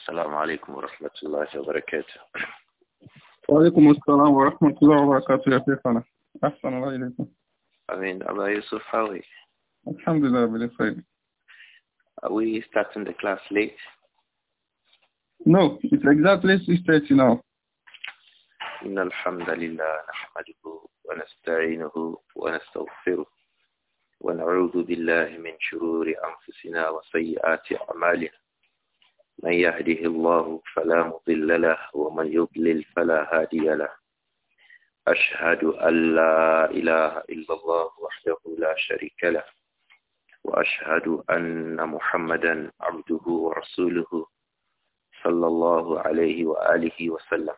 السلام عليكم ورحمة الله وبركاته وعليكم السلام ورحمة الله وبركاته يا شيخنا أحسن الله إليكم أمين أبا يوسف حاوي الحمد لله بالخير Are we starting the class late? No, it's exactly 6.30 now. إن الحمد لله نحمده ونستعينه ونستغفره ونعوذ بالله من شرور أنفسنا وسيئات أعمالنا من يهده الله فلا مضل له ومن يضلل فلا هادي له أشهد أن لا إله إلا الله وحده لا شريك له وأشهد أن محمدا عبده ورسوله صلى الله عليه وآله وسلم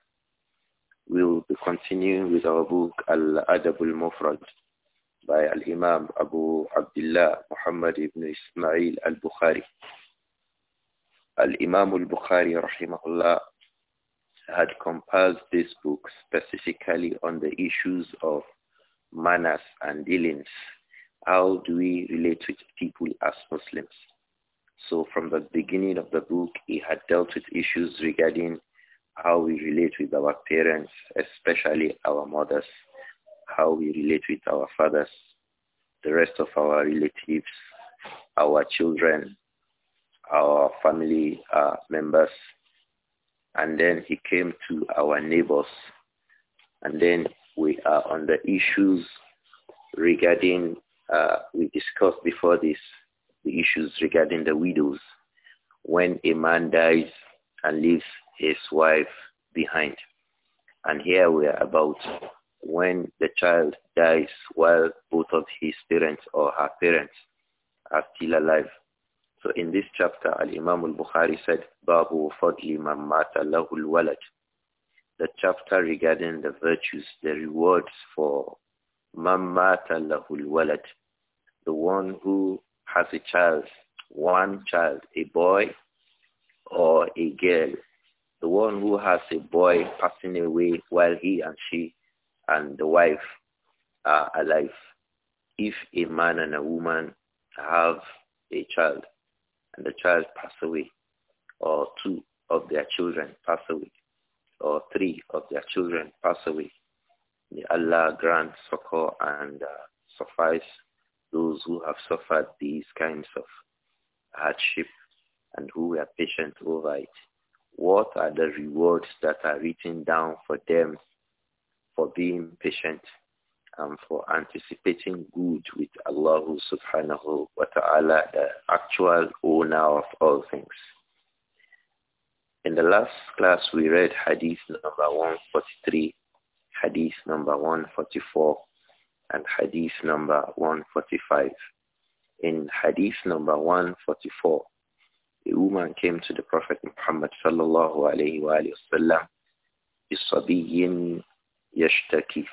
We will be continuing with our book Al-Adab al-Mufrad by Al-Imam Abu Abdullah Muhammad ibn Ismail al-Bukhari Al-Imam al-Bukhari rahimahullah had compiled this book specifically on the issues of manners and dealings. How do we relate with people as Muslims? So from the beginning of the book, he had dealt with issues regarding how we relate with our parents, especially our mothers, how we relate with our fathers, the rest of our relatives, our children, our family uh, members, and then he came to our neighbors. And then we are on the issues regarding, uh, we discussed before this, the issues regarding the widows. When a man dies and leaves his wife behind. And here we are about when the child dies while both of his parents or her parents are still alive so in this chapter, Al-Imam al-Bukhari said, Babu fadli man lahul walad. The chapter regarding the virtues, the rewards for Mammat mata lahul walad. The one who has a child, one child, a boy or a girl. The one who has a boy passing away while he and she and the wife are alive. If a man and a woman have a child, and the child pass away, or two of their children pass away, or three of their children pass away. May Allah grant succor and uh, suffice those who have suffered these kinds of hardship and who were patient over it. What are the rewards that are written down for them for being patient? and um, for anticipating good with Allah subhanahu wa ta'ala, the actual owner of all things. In the last class, we read hadith number 143, hadith number 144, and hadith number 145. In hadith number 144, a woman came to the Prophet Muhammad sallallahu alayhi wa sallam, بِصَبِيٍّ يَشْتَكِي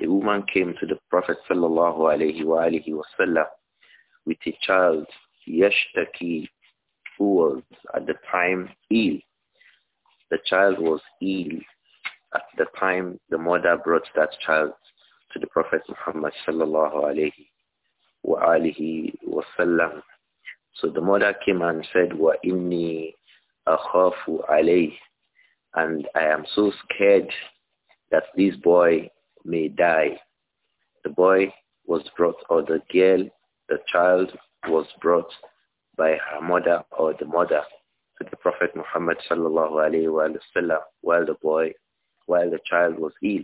a woman came to the Prophet sallallahu alayhi wa with a child, Yashtaki, who was at the time ill. The child was ill. At the time, the mother brought that child to the Prophet Muhammad sallallahu alayhi wa wasallam. So the mother came and said, wa inni akhafu alayhi. And I am so scared that this boy may die. The boy was brought or the girl, the child was brought by her mother or the mother to the Prophet Muhammad sallallahu alayhi wa sallam while the boy, while the child was ill.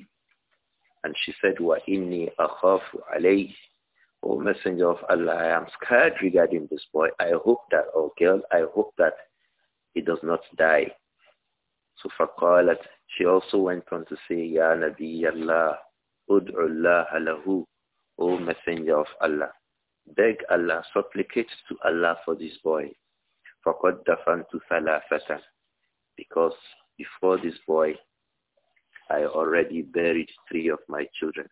And she said, Wa inni akhafu alayhi. O Messenger of Allah, I am scared regarding this boy. I hope that, or girl, I hope that he does not die. So فقالت, she also went on to say, Ya Nabi Allah, Ud'ullah lahu, O Messenger of Allah. Beg Allah, supplicate to Allah for this boy. فَقَدْ دَفَنْتُ ثَلَافَةً Because before this boy, I already buried three of my children.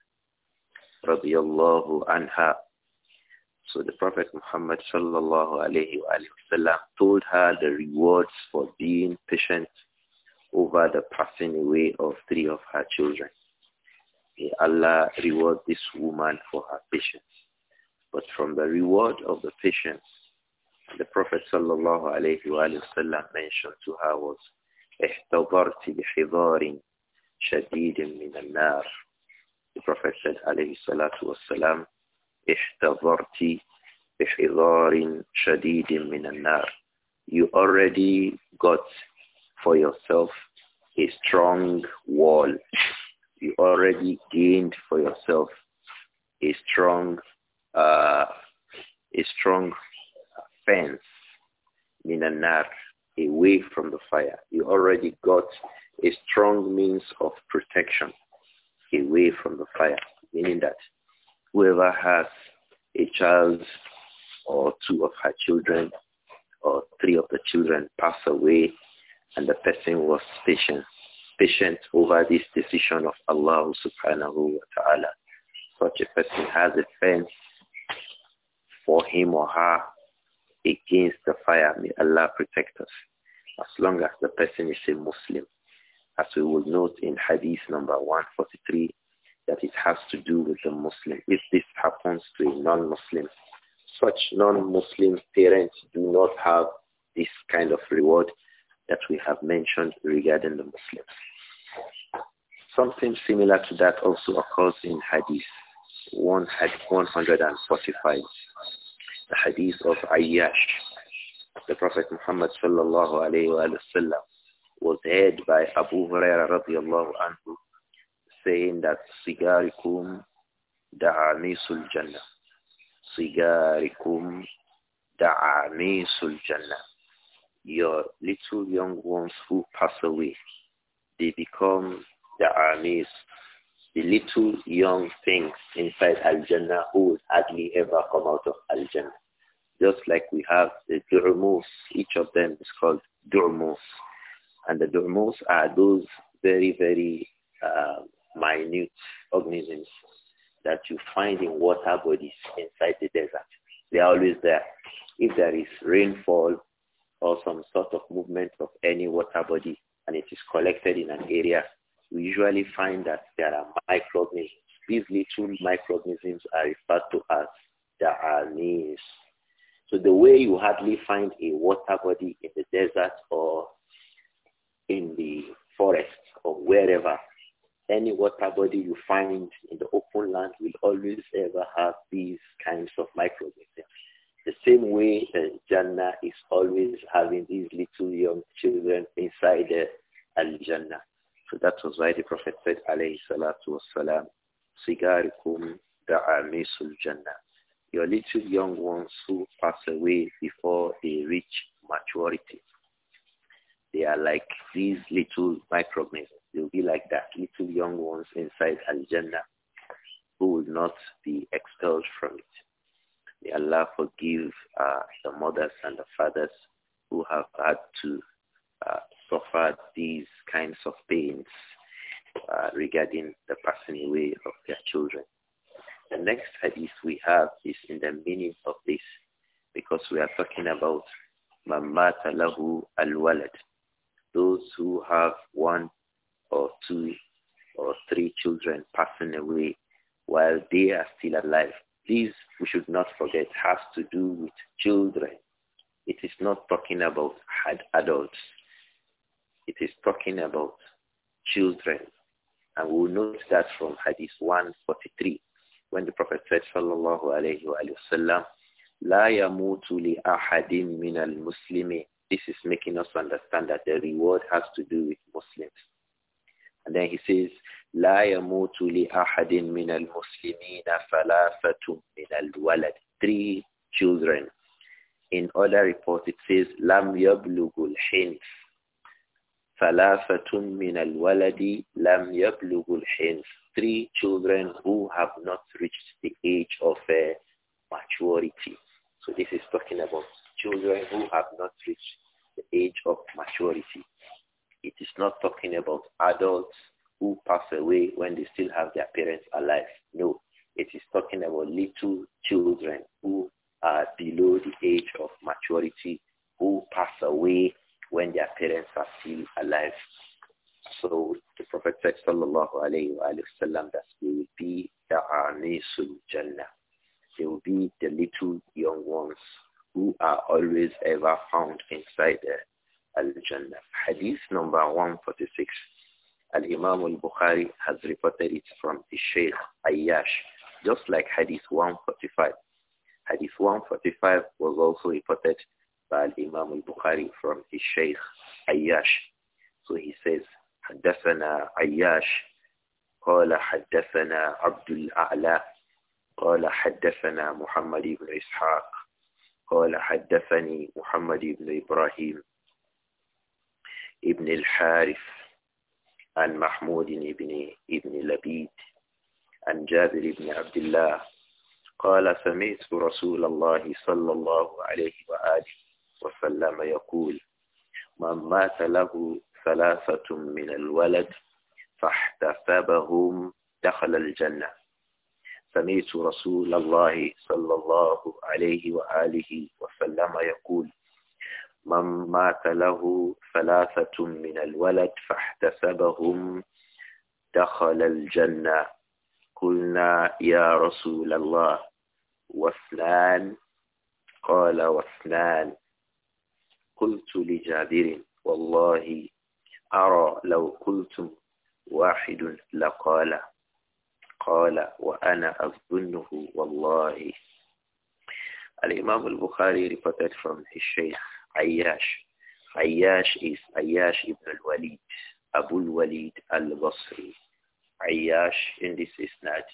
رضي الله عنها so the Prophet Muhammad sallallahu alayhi wa told her the rewards for being patient over the passing away of three of her children. May Allah reward this woman for her patience. But from the reward of the patience, the Prophet sallallahu alayhi wa mentioned to her was, احتضرت بحضار شديد من النار. The Prophet said alayhi salatu wasalam, احتضرت بحضار شديد من النار. You already got for yourself a strong wall you already gained for yourself a strong, uh, a strong fence, minanar, away from the fire. You already got a strong means of protection away from the fire, meaning that whoever has a child or two of her children or three of the children pass away and the person was patient patient over this decision of Allah subhanahu wa ta'ala. Such a person has a fence for him or her against the fire. May Allah protect us. As long as the person is a Muslim, as we will note in Hadith number 143, that it has to do with the Muslim. If this happens to a non-Muslim, such non-Muslim parents do not have this kind of reward that we have mentioned regarding the Muslims. Something similar to that also occurs in Hadith 145, the Hadith of Ayyash. The Prophet Muhammad sallallahu alayhi wa sallam was heard by Abu Huraira radiallahu anhu saying that sigarikum da'anisul jannah. Sigarikum da'anisul jannah your little young ones who pass away, they become the armies, the little young things inside Al-Jannah who will hardly ever come out of Al-Jannah. Just like we have the Durmus, each of them is called Durmus. And the Durmus are those very, very uh, minute organisms that you find in water bodies inside the desert. They are always there. If there is rainfall or some sort of movement of any water body and it is collected in an area, we usually find that there are microorganisms. These little microorganisms are referred to as the da'anis. So the way you hardly find a water body in the desert or in the forest or wherever, any water body you find in the open land will always ever have these kinds of microorganisms. The same way that Jannah is always having these little young children inside Al-Jannah. So that was why the Prophet said, alayhi salatu wassalam, sigarikum da'amisul Jannah. Your little young ones who pass away before they reach maturity. They are like these little microorganisms. They'll be like that, little young ones inside Al-Jannah who will not be expelled from it. May Allah forgive uh, the mothers and the fathers who have had to uh, suffer these kinds of pains uh, regarding the passing away of their children. The next hadith we have is in the meaning of this because we are talking about mamata lahu al-walad, those who have one or two or three children passing away while they are still alive these, we should not forget, has to do with children. It is not talking about adults. It is talking about children. And we'll note that from Hadith 143, when the Prophet said, Sallallahu alayhi wa sallam, لا يموت لأحد من المسلمين. This is making us understand that the reward has to do with Muslims and then he says, لا يموت لأحد من المسلمين ثلاثة من الولد. Three children. In other reports, it says, لم يبلغ الحنف. ثلاثة من الولد لم يبلغ الحنف. Three children who have not reached the age of uh, maturity. So this is talking about children who have not reached the age of maturity. It is not talking about adults who pass away when they still have their parents alive. No, it is talking about little children who are below the age of maturity who pass away when their parents are still alive. So the Prophet said, Sallallahu Alaihi Wasallam, that they will be the Anisul Jannah. They will be the little young ones who are always ever found inside the al-Jannah. Hadith number 146. Al-Imam al-Bukhari has reported it from his Shaykh Ayyash, just like Hadith 145. Hadith 145 was also reported by Al-Imam al-Bukhari from his Shaykh Ayyash. So he says, حدثنا عياش قال حدثنا عبد الأعلى قال حدثنا محمد بن إسحاق قال حدثني محمد بن إبراهيم ابن الحارث عن محمود بن ابن لبيد عن جابر بن عبد الله قال سمعت رسول الله صلى الله عليه وآله وسلم يقول من مات له ثلاثة من الولد فاحتسبهم دخل الجنة سمعت رسول الله صلى الله عليه وآله وسلم يقول من مات له ثلاثة من الولد فاحتسبهم دخل الجنة قلنا يا رسول الله واثنان قال واثنان قلت لجابر والله أرى لو قلتم واحد لقال قال وأنا أظنه والله الإمام البخاري reported from his sheikh Ayyash. Ayyash is Ayyash ibn al-Walid, Abu al-Walid al-Basri. Ayyash in this isnad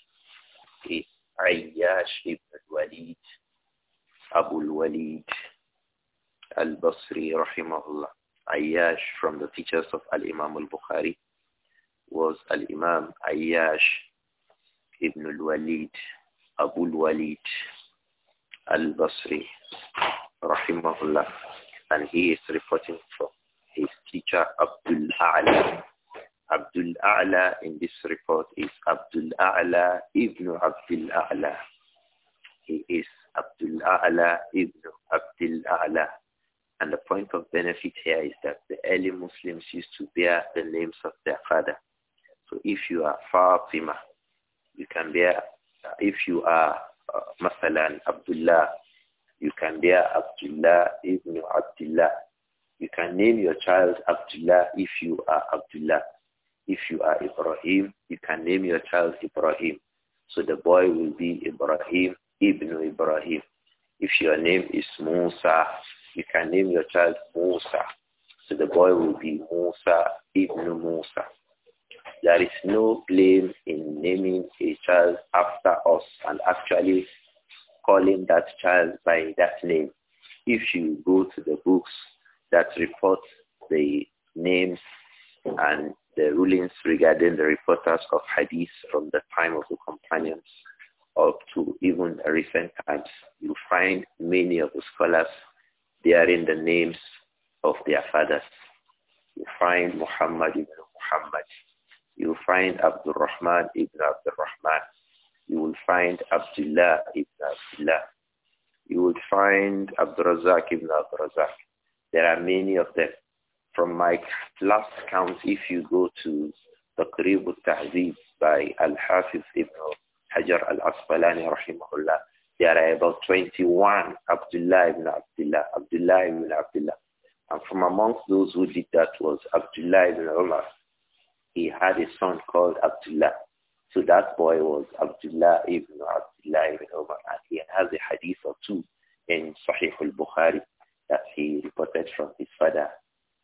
is Ayyash ibn al-Walid, Abu al-Walid al-Basri rahimahullah. Ayyash from the teachers of al-Imam al-Bukhari was al-Imam Ayyash ibn al-Walid, Abu al-Walid al-Basri rahimahullah and he is reporting from his teacher Abdul A'la. Abdul A'la in this report is Abdul A'la ibn Abdul A'la. He is Abdul A'la ibn Abdul A'la. And the point of benefit here is that the early Muslims used to bear the names of their father. So if you are Fatima, you can bear, if you are uh, Masalan Abdullah you can bear Abdullah ibn Abdullah. You can name your child Abdullah if you are Abdullah. If you are Ibrahim, you can name your child Ibrahim. So the boy will be Ibrahim ibn Ibrahim. If your name is Musa, you can name your child Musa. So the boy will be Musa ibn Musa. There is no blame in naming a child after us and actually calling that child by that name. If you go to the books that report the names and the rulings regarding the reporters of hadith from the time of the companions up to even recent times, you find many of the scholars bearing the names of their fathers. You find Muhammad ibn Muhammad. You find Abdul Rahman ibn Abdul Rahman you will find Abdullah ibn Abdullah. You will find Abdurazak ibn Abdurazak. There are many of them. From my last count, if you go to Taqrib al-Tahzib by Al-Hafiz ibn Hajar al-Asqalani rahimahullah, there are about 21 Abdullah ibn Abdullah, Abdullah ibn Abdullah. And from amongst those who did that was Abdullah ibn Umar. He had a son called Abdullah. So that boy was Abdullah ibn Abdullah ibn Umar. And he has a hadith or two in Sahih al-Bukhari that he reported from his father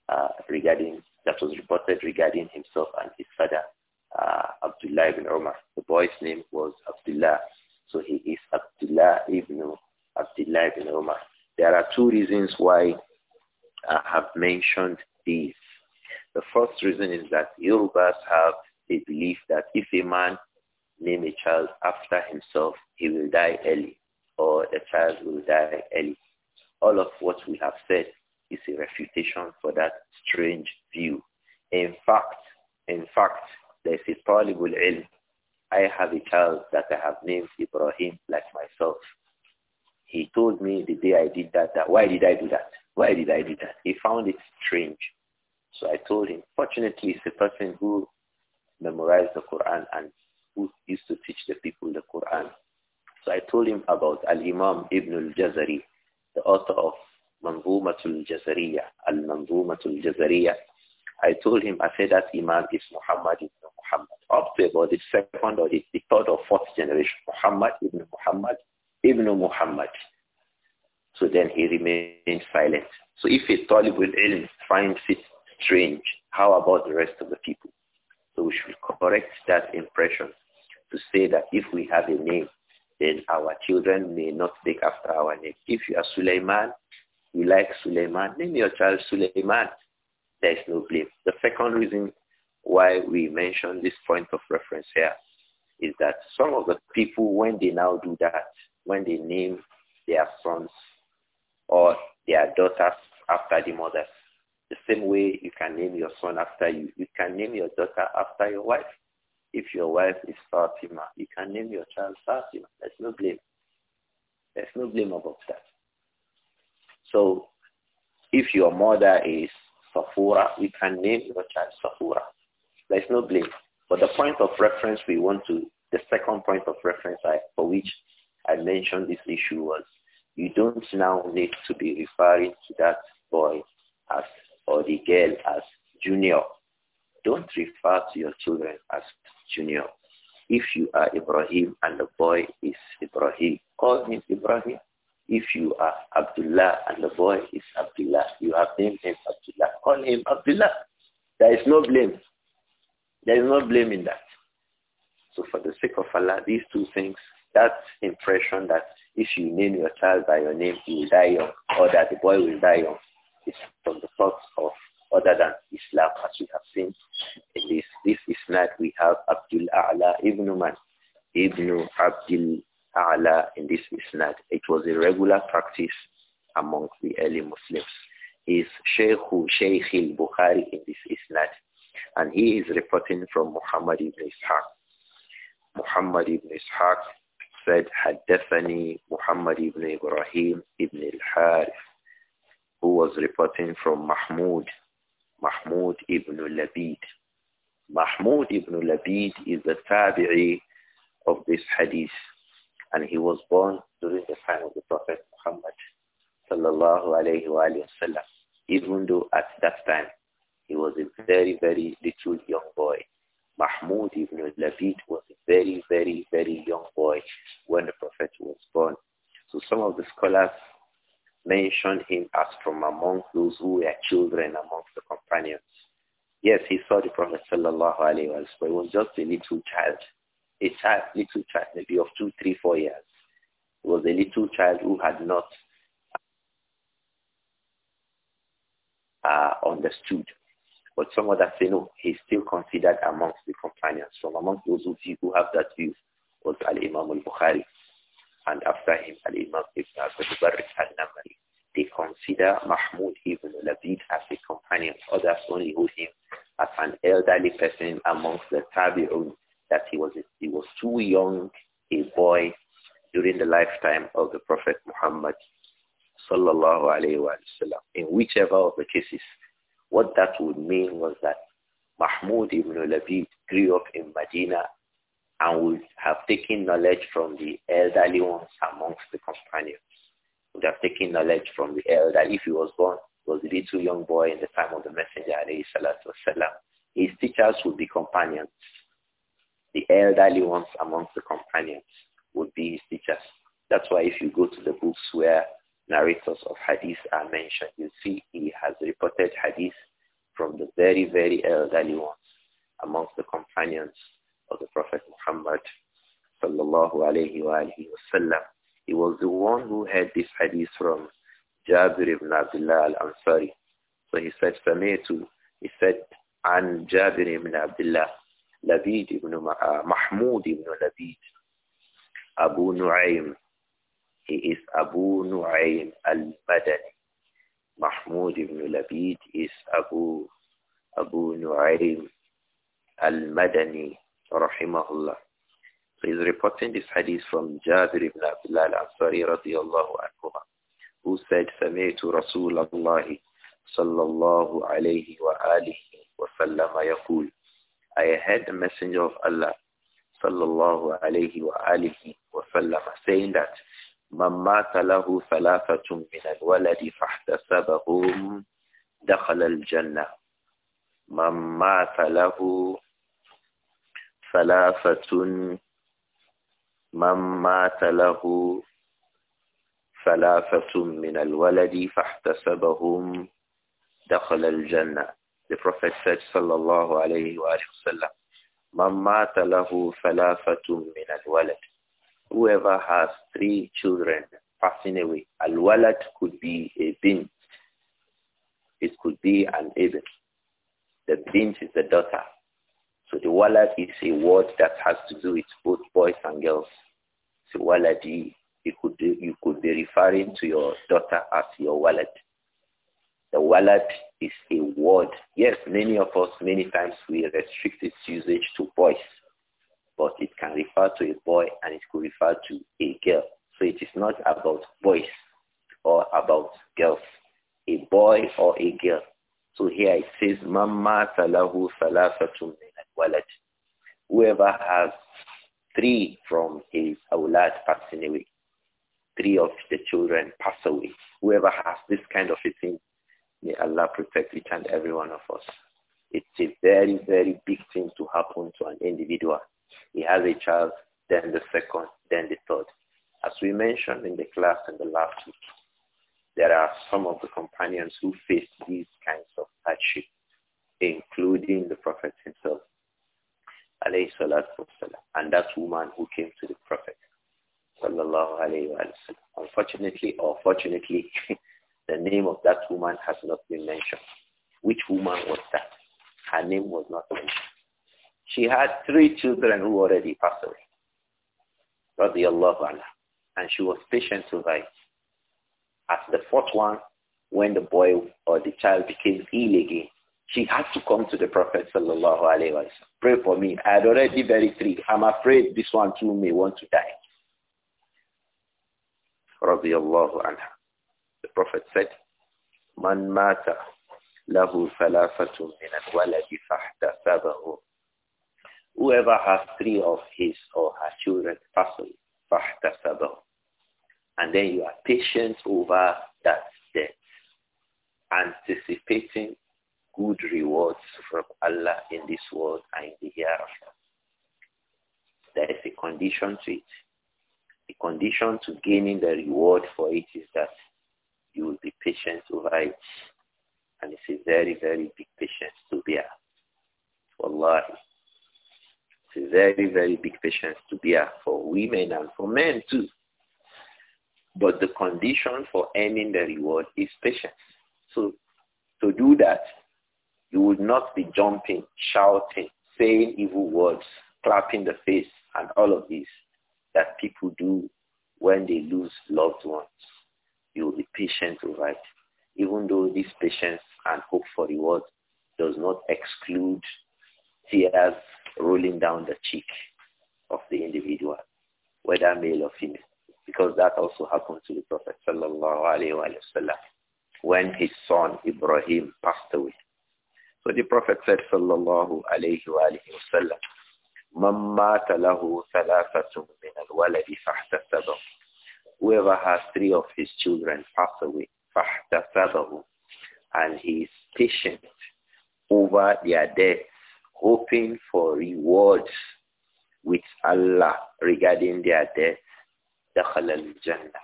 uh, regarding, that was reported regarding himself and his father, uh, Abdullah ibn Umar. The boy's name was Abdullah. So he is Abdullah ibn Abdullah ibn Umar. There are two reasons why I have mentioned these. The first reason is that Yorubas have they believe that if a man name a child after himself, he will die early, or the child will die early. All of what we have said is a refutation for that strange view. In fact, in fact, there's a tolerable ilm. I have a child that I have named Ibrahim like myself. He told me the day I did that, that why did I do that? Why did I do that? He found it strange. So I told him, fortunately, it's a person who memorized the Quran and who used to teach the people the Quran. So I told him about Al-Imam Ibn al-Jazari, the author of Manzumatul Jazariya, Al-Manzumatul Jazariya. I told him, I said that Imam is Muhammad ibn Muhammad, up to about the second or the, the third or fourth generation, Muhammad ibn Muhammad ibn Muhammad. So then he remained silent. So if a Talibul Ilm finds it strange, how about the rest of the people? So we should correct that impression to say that if we have a name, then our children may not take after our name. If you are Suleiman, you like Suleiman, name your child Suleiman. There is no blame. The second reason why we mention this point of reference here is that some of the people, when they now do that, when they name their sons or their daughters after the mothers, the same way you can name your son after you. You can name your daughter after your wife. If your wife is Fatima, you can name your child Fatima. There's no blame. There's no blame about that. So if your mother is Safura, you can name your child Safura. There's no blame. But the point of reference we want to, the second point of reference I, for which I mentioned this issue was you don't now need to be referring to that boy as or the girl as junior. Don't refer to your children as junior. If you are Ibrahim and the boy is Ibrahim, call him Ibrahim. If you are Abdullah and the boy is Abdullah, you have named him Abdullah, call him Abdullah. There is no blame. There is no blame in that. So for the sake of Allah, these two things, that impression that if you name your child by your name, he will die young, or that the boy will die young, is from the thoughts of other than Islam, as we have seen in this. This is not we have Abdul A'la ibn Man, ibn Abdul A'la in this isnad. It was a regular practice among the early Muslims. He is Shaykh Shaykh al-Bukhari in this isnad. And he is reporting from Muhammad ibn Ishaq. Muhammad ibn Ishaq said, حدثني محمد ibn Ibrahim ibn al-Harith who was reporting from Mahmoud, Mahmoud ibn Labid. Mahmoud ibn Labid is the tabi'i of this hadith and he was born during the time of the Prophet Muhammad sallallahu alayhi wa sallam. Even though at that time he was a very, very little young boy. Mahmoud ibn Labid was a very, very, very young boy when the Prophet was born. So some of the scholars mentioned him as from among those who were children amongst the companions. Yes, he saw the Prophet sallallahu alaihi wasallam, but he was just a little child, a child, little child, maybe of two, three, four years. He was a little child who had not uh, understood. But some others say no, he's still considered amongst the companions. From amongst those of you who have that view was Al-Imam al-Bukhari and after him Al-Imam Ibn Abdul al They consider Mahmud ibn Labid as a companion. Others only hold him as an elderly person amongst the Tabi'un that he was, he was too young a boy during the lifetime of the Prophet Muhammad sallallahu alayhi wa sallam. In whichever of the cases, what that would mean was that Mahmud ibn Labid grew up in Medina and would have taken knowledge from the elderly ones amongst the companions. Would have taken knowledge from the elder if he was born, was a little young boy in the time of the Messenger, alayhi salatu wasalam. His teachers would be companions. The elderly ones amongst the companions would be his teachers. That's why if you go to the books where narrators of hadith are mentioned, you see he has reported hadith from the very, very elderly ones amongst the companions of the Prophet Muhammad sallallahu alayhi wa wasallam. He was the one who had this hadith from Jabir ibn Abdullah al-Ansari. So he said, Sami'tu, he said, عن جابر بن عبد الله لبيد بن محمود بن لبيد أبو نعيم he is Abu Nu'aym al-Madani Mahmoud ibn Labid is Abu Abu Nu'aym al-Madani rahimahullah. So he's reporting this hadith from Jabir ibn Abdullah al-Ansari radiyallahu anhu, who said, سَمِعْتُ رَسُولَ اللَّهِ صلى الله عليه وآله وسلم يقول I heard the messenger of Allah صلى الله عليه وآله وسلم saying that من مات له ثلاثة من الولد فاحتسبهم دخل الجنة من مات له ثلاثة من مات له ثلاثة من الولد فاحتسبهم دخل الجنة The Prophet said "Sallallahu الله عليه وآله وسلم من مات له ثلاثة من الولد Whoever has three children passing away, al-walad could be a bint. It could be an ibn. The bint is the daughter. So the walad is a word that has to do with both boys and girls. So waladi, you could, you could be referring to your daughter as your walad. The walad is a word. Yes, many of us, many times we restrict its usage to boys, but it can refer to a boy and it could refer to a girl. So it is not about boys or about girls, a boy or a girl. So here it says, Mama talahu salafatun Whoever has three from his awlad passing away, three of the children pass away. Whoever has this kind of a thing, may Allah protect each and every one of us. It's a very, very big thing to happen to an individual. He has a child, then the second, then the third. As we mentioned in the class in the last week, there are some of the companions who faced these kinds of hardship, including the Prophet himself, alayhi salatu and that woman who came to the Prophet, sallallahu alayhi Unfortunately or fortunately, the name of that woman has not been mentioned. Which woman was that? Her name was not mentioned. She had three children who already passed away. Radiallahu anha. And she was patient to it. As the fourth one, when the boy or the child became ill again, she had to come to the Prophet sallallahu alaihi wasallam. Pray for me. I had already very three. I'm afraid this one too may want to die. Radiallahu anha. The Prophet said, Man mata lahu min Whoever has three of his or her children, fasl, fahdathabahu. And then you are patient over that death, anticipating good rewards from Allah in this world and in the hereafter. There is a condition to it. The condition to gaining the reward for it is that you will be patient over it. And it's a very, very big patience to bear. Wallahi. It's a very, very big patience to bear for women and for men too. But the condition for earning the reward is patience. So to do that, you would not be jumping, shouting, saying evil words, clapping the face, and all of this that people do when they lose loved ones. You will be patient over it. Even though this patience and hope for reward does not exclude tears rolling down the cheek of the individual, whether male or female. Because that also happened to the Prophet when his son Ibrahim passed away. So the Prophet said, sallallahu alayhi wa wa sallam, مَنْ مَاتَ لَهُ مِنَ الْوَلَدِ فَاحْتَسَبَهُ Whoever has three of his children pass away, فَاحْتَسَبَهُ And he is patient over their death, hoping for rewards with Allah regarding their death, دَخَلَ الْجَنَّةِ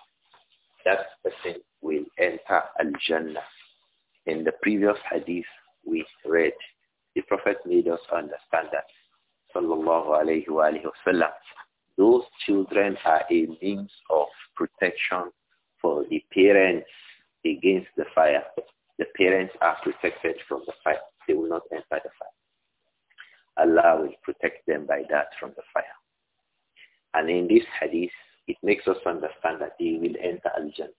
That person will enter al-Jannah. In the previous hadith, we read. The Prophet made us understand that. Sallallahu alayhi wa alayhi wa Those children are a means of protection for the parents against the fire. The parents are protected from the fire. They will not enter the fire. Allah will protect them by that from the fire. And in this hadith, it makes us understand that they will enter Al-Jannah.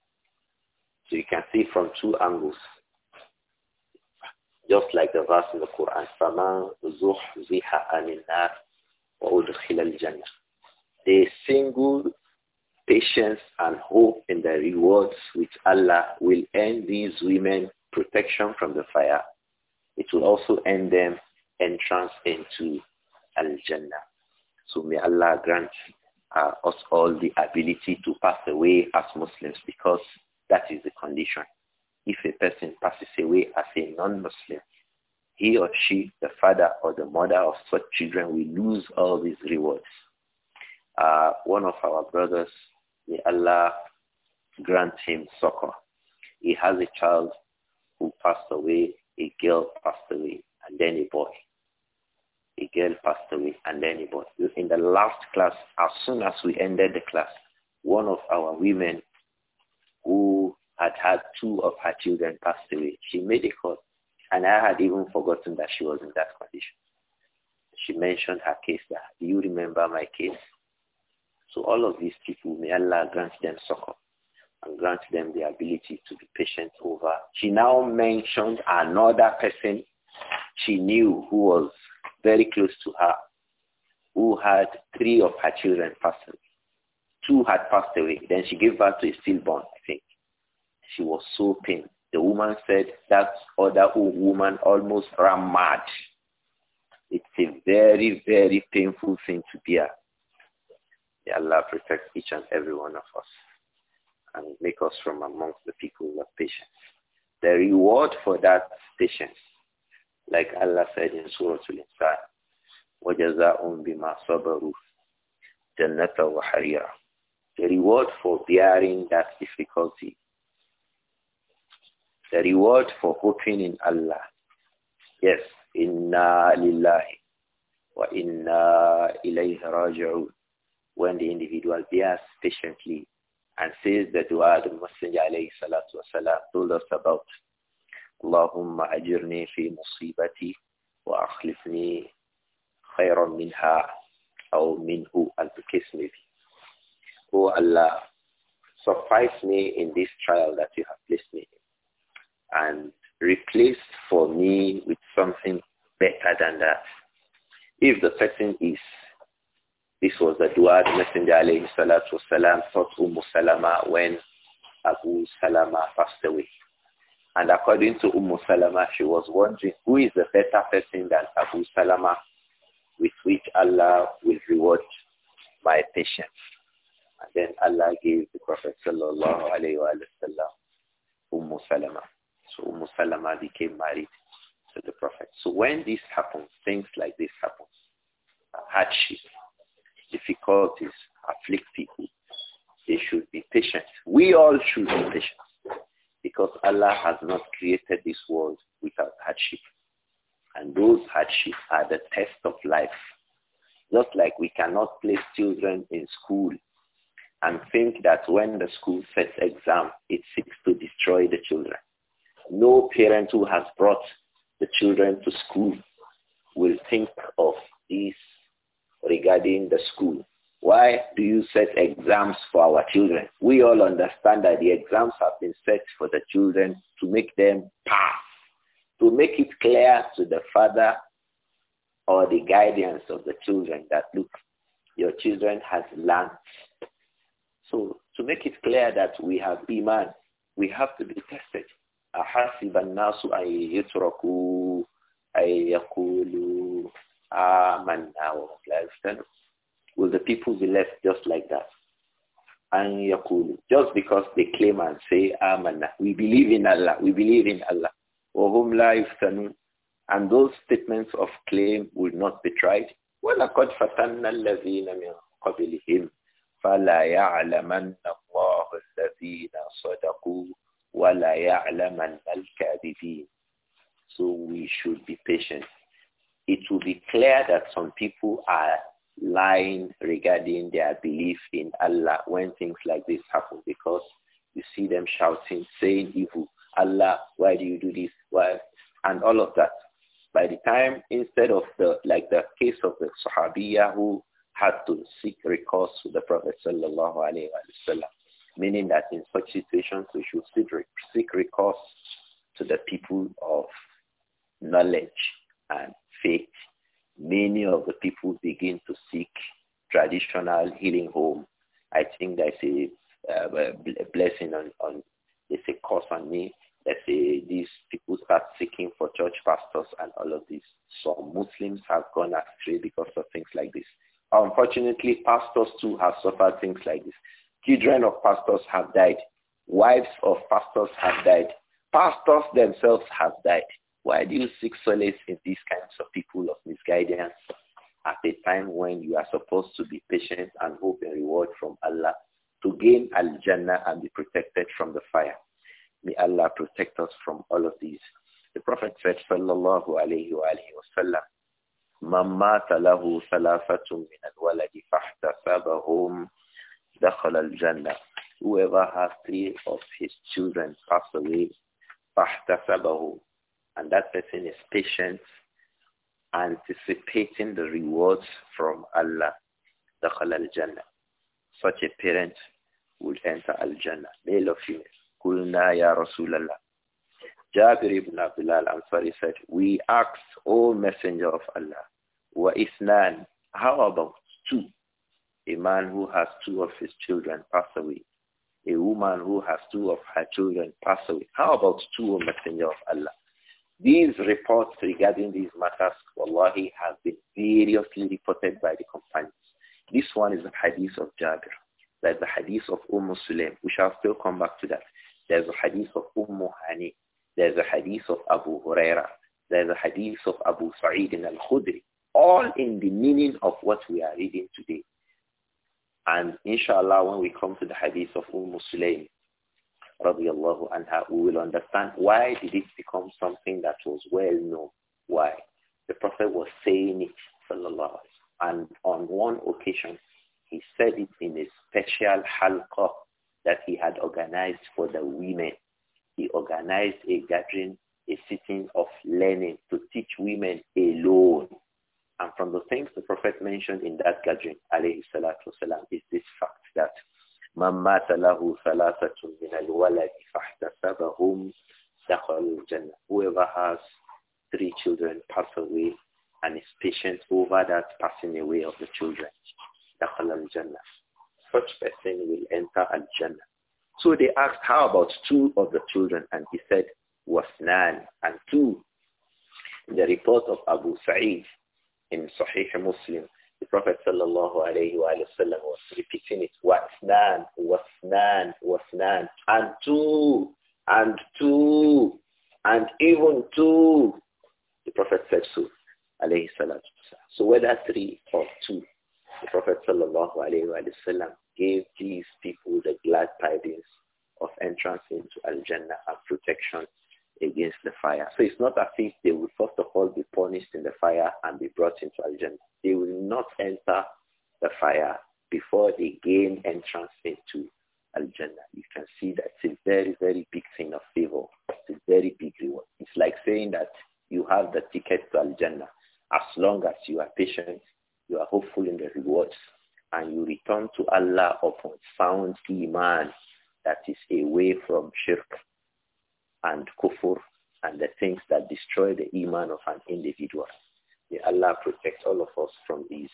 So you can see from two angles just like the verse in the Quran, فَمَنْ زُحْزِحَ عَنِ النَّارِ وَأُدْخِلَ الْجَنَّةِ A single patience and hope in the rewards which Allah will end these women protection from the fire. It will also end them entrance into Al-Jannah. So may Allah grant uh, us all the ability to pass away as Muslims because that is the condition if a person passes away as a non-Muslim, he or she, the father or the mother of such children, will lose all these rewards. Uh, one of our brothers, may Allah grant him succor. He has a child who passed away, a girl passed away, and then a boy. A girl passed away, and then a boy. In the last class, as soon as we ended the class, one of our women who had had two of her children pass away. She made a call, and I had even forgotten that she was in that condition. She mentioned her case that, do you remember my case? So all of these people, may Allah grant them succor and grant them the ability to be patient over. She now mentioned another person she knew who was very close to her, who had three of her children pass away. Two had passed away. Then she gave birth to a stillborn, I think. She was so pained. The woman said that other woman almost ran mad. It's a very, very painful thing to bear. May Allah protect each and every one of us and make us from amongst the people of patience. The reward for that patience, like Allah said in Surah Al-Insan, وَجَزَاءٌ بِمَا صَبَرُوا جَنَّةً وَحَرِيرًا The reward for bearing that difficulty the reward for hoping in Allah. Yes, inna lillahi wa inna ilayhi raji'un. When the individual bears patiently and says the dua the Messenger alayhi salatu wasalam told us about. Allahumma ajirni fi musibati wa akhlifni khayran minha aw minhu al may O Allah, suffice me in this trial that you have placed me in and replaced for me with something better than that. If the person is, this was the dua the Messenger alayhi salatu wasalam taught Umm Salama when Abu Salama passed away. And according to Umm Salama, she was wondering who is the better person than Abu Salama with which Allah will reward my patience. And then Allah gave the Prophet sallallahu alayhi wa sallam Umm Salama. So Umm Salama became married to the Prophet. So when this happens, things like this happen, hardship, difficulties afflict people, they should be patient. We all should be patient because Allah has not created this world without hardship. And those hardships are the test of life. Just like we cannot place children in school and think that when the school sets exam, it seeks to destroy the children no parent who has brought the children to school will think of this regarding the school. Why do you set exams for our children? We all understand that the exams have been set for the children to make them pass, to make it clear to the father or the guidance of the children that, look, your children has learned. So to make it clear that we have iman, we have to be tested. أحسب الناس أن يتركوا أن يقولوا آمنا وهم لا يفتنون Will the people be left just like that? أن يقولوا Just because they claim and say آمنا We believe in Allah We believe in Allah وهم لا يفتنون And those statements of claim will not be tried ولقد فتنا الذين من قبلهم فلا يعلمن الله الذين صدقوا وَلَا يَعْلَمَنَّ الْكَاذِبِينَ So we should be patient. It will be clear that some people are lying regarding their belief in Allah when things like this happen because you see them shouting, saying evil, Allah, why do you do this? Why? And all of that. By the time, instead of the, like the case of the Sahabiya who had to seek recourse to the Prophet Sallallahu Alaihi Wasallam, meaning that in such situations we should seek recourse to the people of knowledge and faith. Many of the people begin to seek traditional healing home. I think that's a, uh, a blessing on, on, It's a curse on me that these people start seeking for church pastors and all of this. Some Muslims have gone astray because of things like this. Unfortunately, pastors too have suffered things like this. Children of pastors have died. Wives of pastors have died. Pastors themselves have died. Why do you seek solace in these kinds of people of misguidance at a time when you are supposed to be patient and hope a reward from Allah to gain al-Jannah and be protected from the fire? May Allah protect us from all of these. The Prophet said, sallallahu alayhi wa alayhi wa sallam, مَنْ مَاتَ لَهُ ثَلَافَةٌ مِنَ الْوَلَدِ فَاحْتَسَبَهُمْ دخل الجنة whoever has three of his children pass away فاحتسبه and that person is patient anticipating the rewards from Allah دخل الجنة such a parent would enter al-jannah male or female قلنا يا رسول الله Jabir ibn Abdullah al-Ansari said, we asked, O Messenger of Allah, wa isnan, how about two? a man who has two of his children pass away, a woman who has two of her children pass away. How about two messenger of Allah? These reports regarding these matters, wallahi, have been seriously reported by the companions. This one is the hadith of Jabir. There's the hadith of Umm Sulaim. We shall still come back to that. There's a hadith of Umm Hani. There's a hadith of Abu Huraira. There's a hadith of Abu Sa'id al-Khudri. All in the meaning of what we are reading today. And inshallah, when we come to the hadith of Umm Sulaym, we will understand why did it become something that was well known. Why? The Prophet was saying it, sallallahu And on one occasion, he said it in a special halqa that he had organized for the women. He organized a gathering, a sitting of learning to teach women alone. And from the things the Prophet mentioned in that gathering, alayhi salatu salam, is this fact that دخل الجنة. Whoever has three children pass away and is patient over that passing away of the children, دخل الجنة. Such person will enter al-Jannah. So they asked, how about two of the children? And he said, wasnan, and two. In the report of Abu Sa'id, in Sahih Muslim, the Prophet sallallahu alayhi wa sallam was repeating it. Wasnan, wasnan, wasnan. And two, and two, and even two. The Prophet said so, alayhi salatu So whether three or two, the Prophet sallallahu alayhi wa sallam gave these people the glad tidings of entrance into Al-Jannah and protection against the fire. So it's not as if they will first of all be punished in the fire and be brought into Al-Jannah. They will not enter the fire before they gain entrance into Al-Jannah. You can see that it's a very, very big thing of favor. It's a very big reward. It's like saying that you have the ticket to Al-Jannah. As long as you are patient, you are hopeful in the rewards, and you return to Allah upon sound Iman that is away from shirk and kufur and the things that destroy the iman of an individual. May Allah protect all of us from these.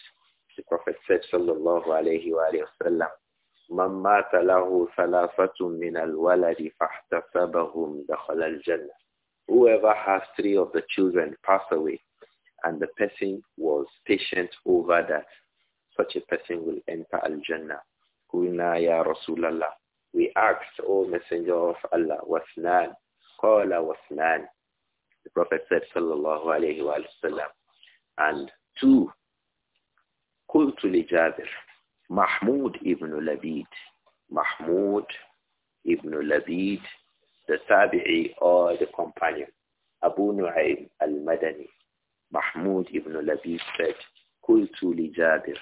The Prophet said, sallallahu alayhi wa sallam, من مات له ثلاثة من الولد فاحتسبهم دخل الجنة. Whoever has three of the children pass away and the person was patient over that, such a person will enter Al-Jannah. قلنا يا رسول الله. We asked, O Messenger of Allah, واثنان قال واثنان the Prophet said sallallahu alayhi wa sallam and two قلت لجابر محمود ibn Labid Mahmoud ibn Labid the Tabi'i or the companion Abu Nu'aym al-Madani Mahmoud ibn Labid said قلت لجابر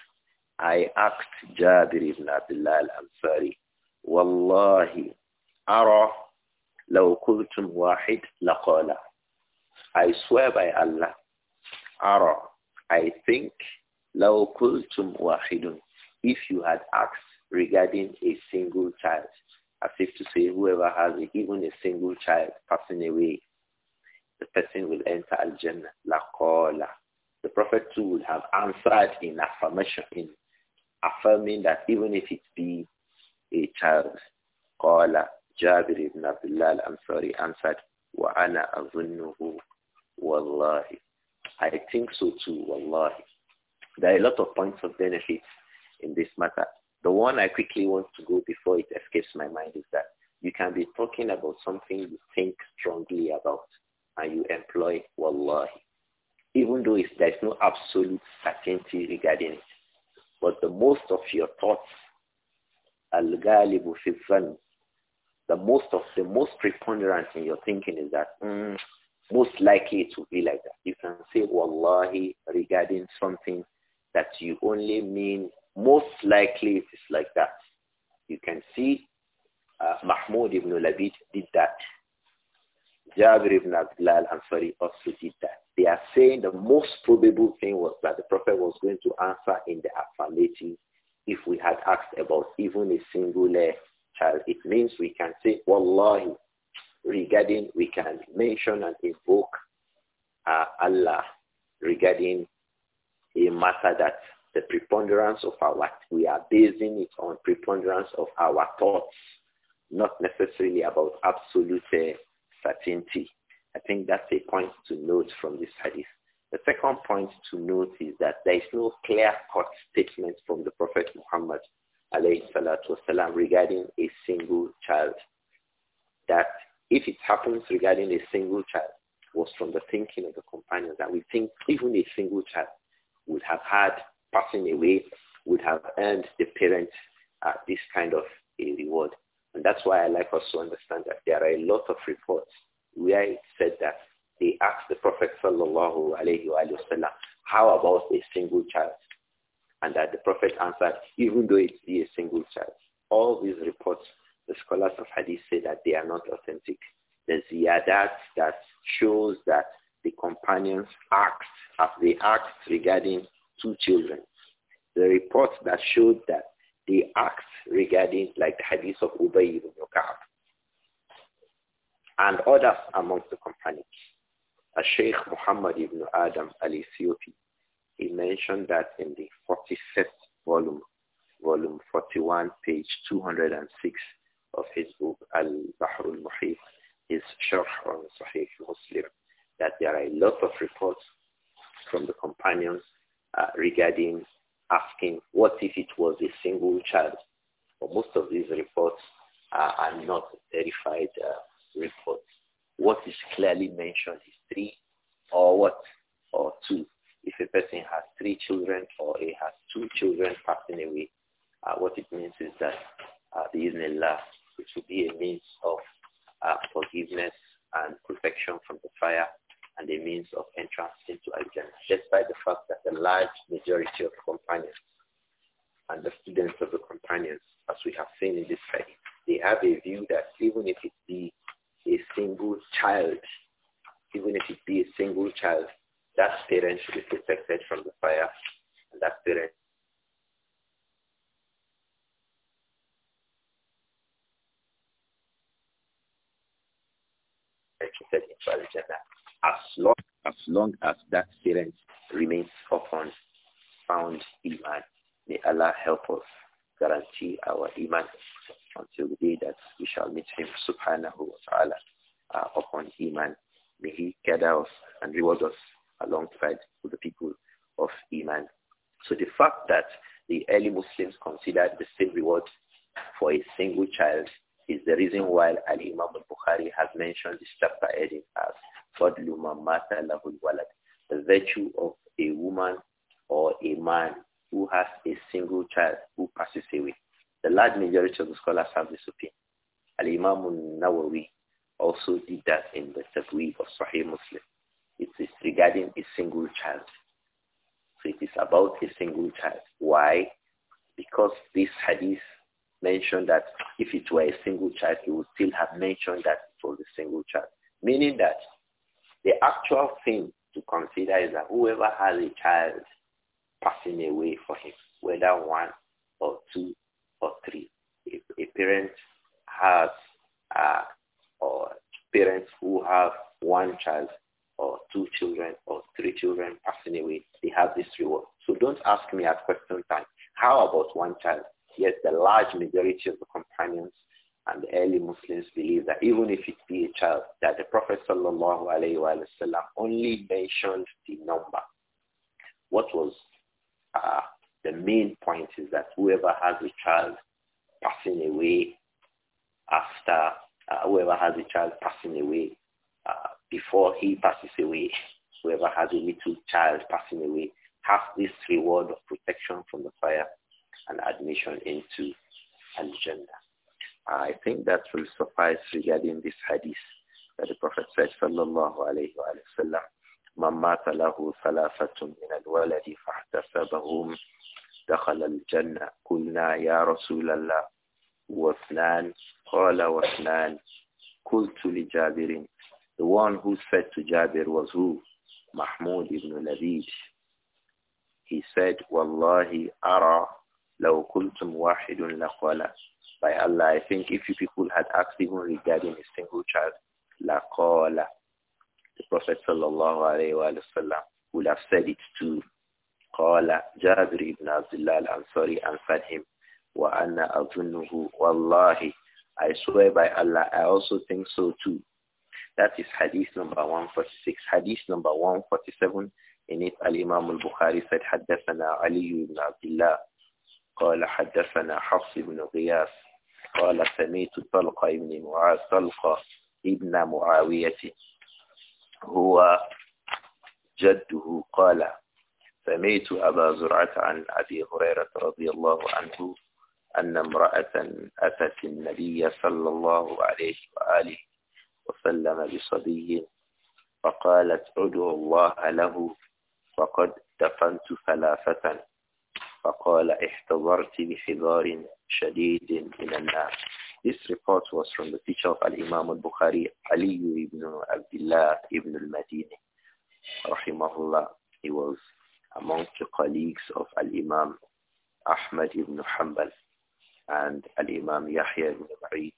I asked Jabir ibn Abdullah al-Ansari wallahi ara I swear by Allah أرى I think if you had asked regarding a single child as if to say whoever has even a single child passing away the person will enter al-jannah laqala the prophet too would have answered in affirmation in affirming that even if it be a child Jabir ibn Abdullah al-Ansari answered, وَأَنَا أَظُنُّهُ Wallahi." I think so too, wallahi. There are a lot of points of benefit in this matter. The one I quickly want to go before it escapes my mind is that you can be talking about something you think strongly about and you employ wallahi, even though there's no absolute certainty regarding it. But the most of your thoughts, al-ghalibu fi the most of the most preponderant in your thinking is that mm, most likely it will be like that. You can say wallahi regarding something that you only mean most likely it is like that. You can see uh, Mahmoud ibn Labid did that. Jabir ibn Abdullah al-Ansari also did that. They are saying the most probable thing was that the Prophet was going to answer in the affirmative if we had asked about even a single it means we can say, Wallahi, regarding, we can mention and invoke uh, Allah regarding a matter that the preponderance of our, we are basing it on preponderance of our thoughts, not necessarily about absolute uh, certainty. I think that's a point to note from this hadith. The second point to note is that there is no clear-cut statement from the Prophet Muhammad alayhi salatu wasalam, regarding a single child. That if it happens regarding a single child, was from the thinking of the companions that we think even a single child would have had passing away, would have earned the parents uh, this kind of a reward. And that's why I like us to understand that there are a lot of reports where it said that they asked the Prophet sallallahu alayhi wa sallam, how about a single child? and that the Prophet answered, even though it's be a single child. All these reports, the scholars of Hadith say that they are not authentic. The ziyadat that shows that the companions act as they act regarding two children. The reports that showed that they act regarding like the Hadith of Ubay ibn Ka'ab and others amongst the companions. Sheikh Muhammad ibn Adam al-Ethiopi he mentioned that in the 45th volume, volume 41, page 206 of his book, Al-Bahr muhit his Sharh on Sahih Muslim, that there are a lot of reports from the companions uh, regarding asking what if it was a single child. But most of these reports uh, are not verified uh, reports. What is clearly mentioned is three or what or two if a person has three children or he has two children passing away, uh, what it means is that uh, the Iznillah, which will be a means of uh, forgiveness and protection from the fire and a means of entrance into Al-Jannah, despite the fact that the large majority of companions and the students of the companions, as we have seen in this study, they have a view that even if it be a single child, even if it be a single child, that student should be protected from the fire, and that parent as long as long as that student remains upon found iman. May Allah help us guarantee our iman until the day that we shall meet him subhanahu wa ta'ala uh, upon iman. May he gather us and reward us alongside the people of Iman. So the fact that the early Muslims considered the same reward for a single child is the reason why Ali imam al-Bukhari has mentioned this chapter heading as Fadlu Mata Lahul Walad, the virtue of a woman or a man who has a single child who passes away. The large majority of the scholars have this opinion. Al-Imam al-Nawawi also did that in the Taqweed of Sahih Muslim. It is regarding a single child. So it is about a single child. Why? Because this hadith mentioned that if it were a single child, he would still have mentioned that it was a single child. Meaning that the actual thing to consider is that whoever has a child passing away for him, whether one or two or three, if a parent has uh, or parents who have one child or two children or three children passing away, they have this reward. So don't ask me at question time, how about one child? Yes, the large majority of the companions and the early Muslims believe that even if it be a child, that the Prophet wasallam only mentioned the number. What was uh, the main point is that whoever has a child passing away after, uh, whoever has a child passing away uh, before he passes away, whoever has a little child passing away, has this reward of protection from the fire and admission into Al-Jannah. I think that will suffice regarding this hadith that the Prophet said, Sallallahu alayhi wasallam: من مات له ثلاثة من الولد فاحتسبهم دخل الجنة قلنا يا رسول الله واثنان قال واثنان قلت لجابر the one who said to Jabir was who? Mahmud ibn Labid. He said, Wallahi ara law kuntum wahidun laqala. By Allah, I think if you people had asked even regarding a single child, laqala. The Prophet sallallahu alayhi wa sallam would have said it too. Qala Jabir ibn Abdullah al-Ansari answered him, wa anna azunnuhu wallahi. I swear by Allah, I also think so too. That is hadith number 146. Hadith number 147 in it Al-Imam al-Bukhari said حدثنا علي بن عبد الله قال حدثنا حفص بن غياث قال سميت طلقة بن معاذ طلقة ابن معاوية هو جده قال سمعت أبا زرعة عن أبي هريرة رضي الله عنه أن امرأة أتت النبي صلى الله عليه وآله وسلم بصبي فقالت ادعو الله له فقد دفنت ثلاثة فقال احتضرت بحذار شديد من النار This report was from the teacher of Al-Imam al-Bukhari, Ali ibn Abdullah ibn al-Madini. Rahimahullah. He was among the colleagues of Al-Imam Ahmad ibn Hanbal and Al-Imam Yahya ibn Ma'id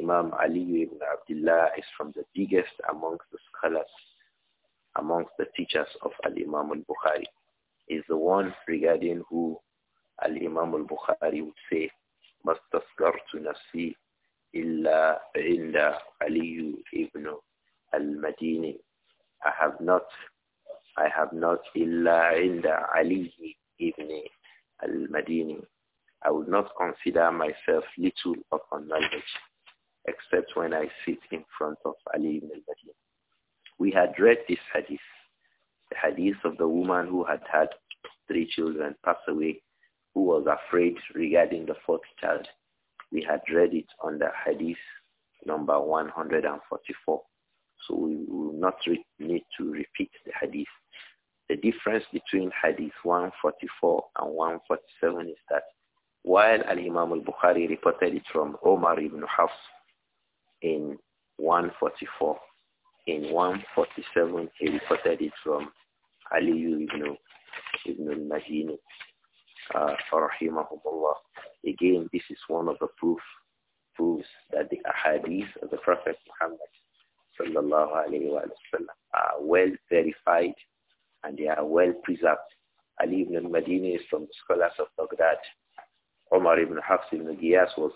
Imam Ali ibn Abdullah is from the biggest amongst the scholars, amongst the teachers of Al-Imam al-Bukhari. Is the one regarding who Al-Imam al-Bukhari would say, مَسْتَسْكَرْتُ نَفْسِي إِلَّا عِنْدَ عَلِيُّ ibn al-Madini. I have not, I have not إِلَّا عِنْدَ عَلِيِّ ibn al-Madini. I would not consider myself little upon knowledge except when I sit in front of Ali ibn al-Madin. We had read this hadith, the hadith of the woman who had had three children pass away, who was afraid regarding the fourth child. We had read it under hadith number 144. So we will not need to repeat the hadith. The difference between hadith 144 and 147 is that while Al-Imam al-Bukhari reported it from Omar ibn Hafs in 144. In 147, he reported it from Ali ibn, ibn al-Madini, uh, Again, this is one of the proofs that the ahadith of the Prophet Muhammad sallallahu alayhi wa sallam are well verified and they are well preserved. Ali ibn al-Madini is from the scholars of Baghdad. Omar ibn Hafs ibn Giyas was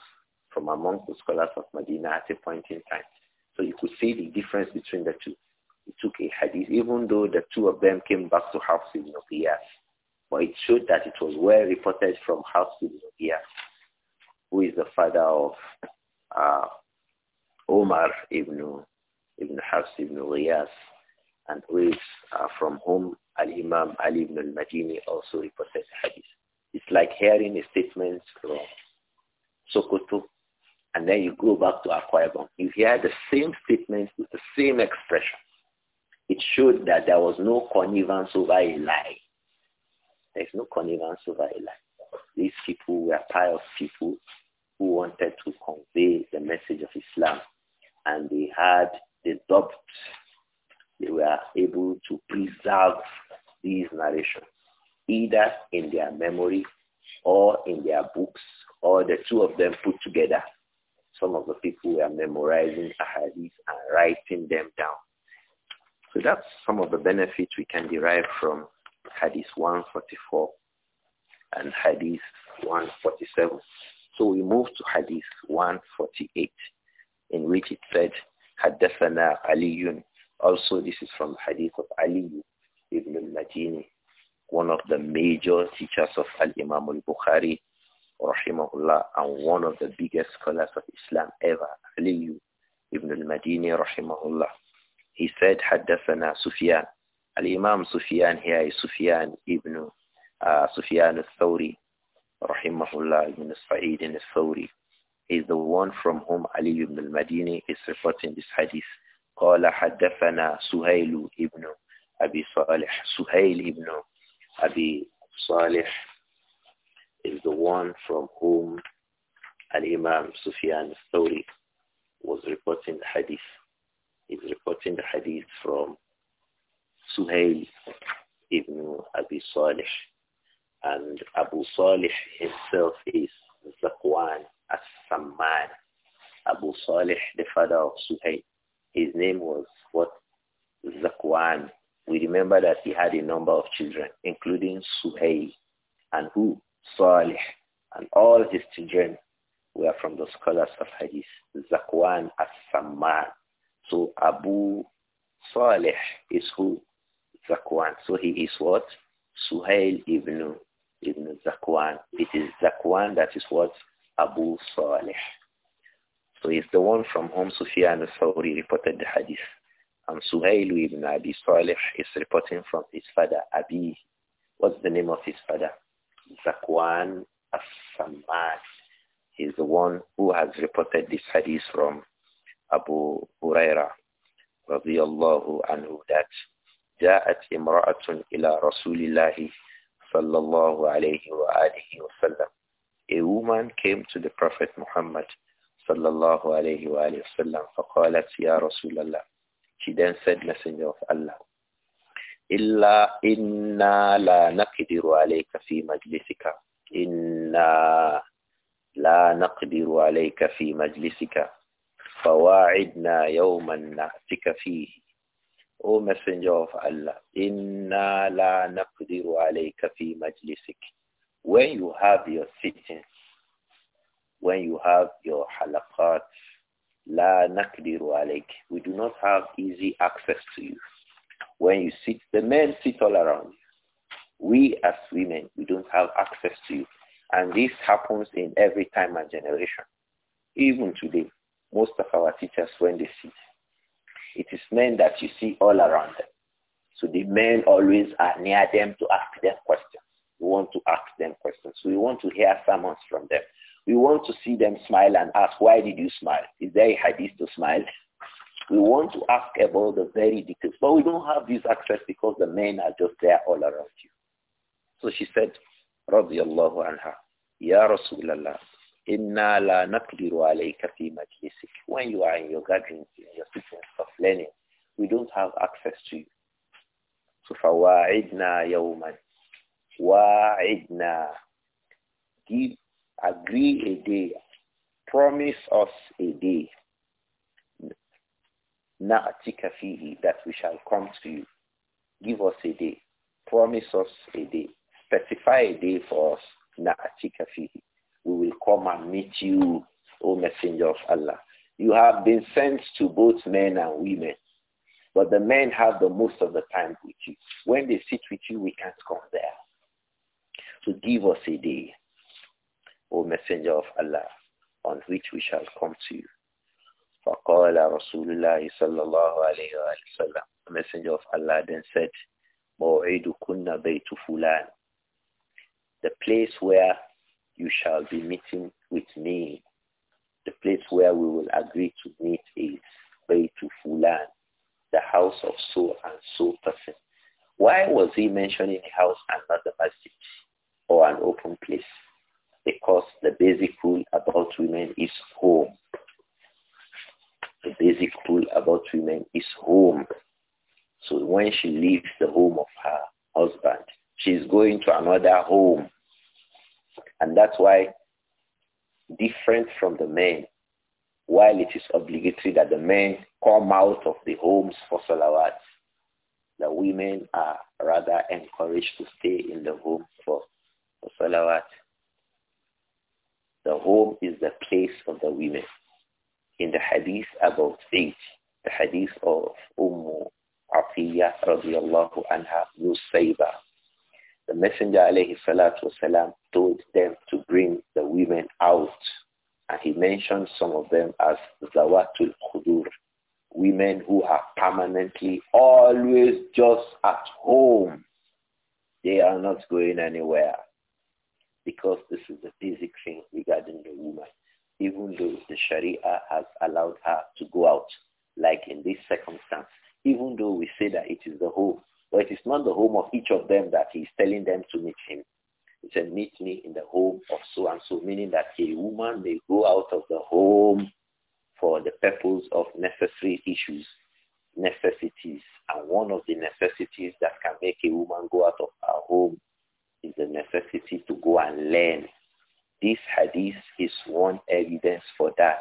from among the scholars of Medina at a point in time. So you could see the difference between the two. It took a hadith, even though the two of them came back to Hafs ibn Qiyas. But it showed that it was well reported from Hafs ibn Qiyas, who is the father of uh, Omar ibn, ibn Hafs ibn Qiyas, and who is uh, from whom Al-Imam Ali ibn al-Madini also reported hadith. It's like hearing a statement from Sokoto and then you go back to Akwa You hear the same statement with the same expression. It showed that there was no connivance over a lie. There's no connivance over a lie. These people were of people who wanted to convey the message of Islam, and they had the doubt. They were able to preserve these narrations, either in their memory or in their books, or the two of them put together some of the people were memorizing ahadith and writing them down. So that's some of the benefits we can derive from Hadith 144 and Hadith 147. So we move to Hadith 148 in which it said, Haddathana Aliyun. Also this is from Hadith of Ali ibn al-Madini, one of the major teachers of Al-Imam al-Bukhari rahimahullah, and one of the biggest scholars of Islam ever, Ali ibn al-Madini, rahimahullah. He said, حدثنا Sufyan, Al-Imam Sufyan here is Sufyan ibn uh, Sufyan al-Thawri, rahimahullah, ibn Sa'id al-Thawri. Is the one from whom Ali ibn al-Madini is reporting this hadith. قال حدثنا سهيل Ibn Abi Salih, سهيل Ibn Abi Salih.'" is the one from whom Al-Imam Sufyan Thawri was reporting the hadith. He's reporting the hadith from Suhail ibn Abi Salih. And Abu Salih himself is Zakwan as-Samman. Abu Salih, the father of Suhail. His name was what? Zakwan. We remember that he had a number of children, including Suhail. And who? Salih, and all his children were from the scholars of Hadith, Zakwan as-Samman. So Abu Salih is who? Zakwan. So he is what? Suhail ibn, ibn Zakwan. It is Zakwan that is what? Abu Salih. So he's the one from whom Sufyan al sawri reported the hadith. And Suhail ibn Abi Salih is reporting from his father, Abi. What's the name of his father? Zakwan As-Samad. He's the one who has reported this hadith from Abu Huraira radiyallahu anhu that جاءت امرأة إلى رسول الله صلى الله عليه وآله وسلم. A woman came to the Prophet Muhammad صلى الله عليه وآله وسلم فقالت يا رسول الله. She then said, Messenger of Allah, illa inna la naqdiru alayka fi majlisika. Inna la naqdiru alayka fi majlisika. فواعدنا يوما نأتك فيه O Messenger of Allah, Inna la naqdiru alayka fi majlisik. When you have your sittings, when you have your halaqat, la naqdiru alayk. We do not have easy access to you. When you sit, the men sit all around you. We as women, we don't have access to you. And this happens in every time and generation. Even today, most of our teachers, when they sit, it is men that you see all around them. So the men always are near them to ask them questions. We want to ask them questions. We want to hear sermons from them. We want to see them smile and ask, why did you smile? Is there a hadith to smile? We want to ask about the very details, but we don't have this access because the men are just there all around you. So she said, رضي الله عنها يا رسول الله إنا لا نقدر عليك في مجلسك when you are in your gathering in your sequence of learning we don't have access to you so فواعدنا يوما واعدنا give agree a day promise us a day na'atika fihi, that we shall come to you. Give us a day. Promise us a day. Specify a day for us, na'atika fihi. We will come and meet you, O Messenger of Allah. You have been sent to both men and women, but the men have the most of the time with you. When they sit with you, we can't come there. So give us a day, O Messenger of Allah, on which we shall come to you. فقال رسول الله صلى الله عليه وسلم The messenger of Allah then said, موعدكن بيت فلان The place where you shall be meeting with me, the place where we will agree to meet is Beit Fulan, the house of so and so person. Why was he mentioning the house and not the masjid or an open place? Because the basic rule about women is home the basic pull about women is home. So when she leaves the home of her husband, she is going to another home. And that's why, different from the men, while it is obligatory that the men come out of the homes for salawat, the women are rather encouraged to stay in the home for, for salawat. The home is the place of the women in the hadith about faith, the hadith of Umm Atiyah radiallahu anha Nusayba. The Messenger alayhi salatu wasalam told them to bring the women out and he mentioned some of them as Zawatul Khudur, women who are permanently always just at home. They are not going anywhere because this is the basic thing regarding the woman even though the Sharia has allowed her to go out, like in this circumstance, even though we say that it is the home, but it is not the home of each of them that he is telling them to meet him. He said, meet me in the home of so and so, meaning that a woman may go out of the home for the purpose of necessary issues, necessities. And one of the necessities that can make a woman go out of her home is the necessity to go and learn this hadith is one evidence for that.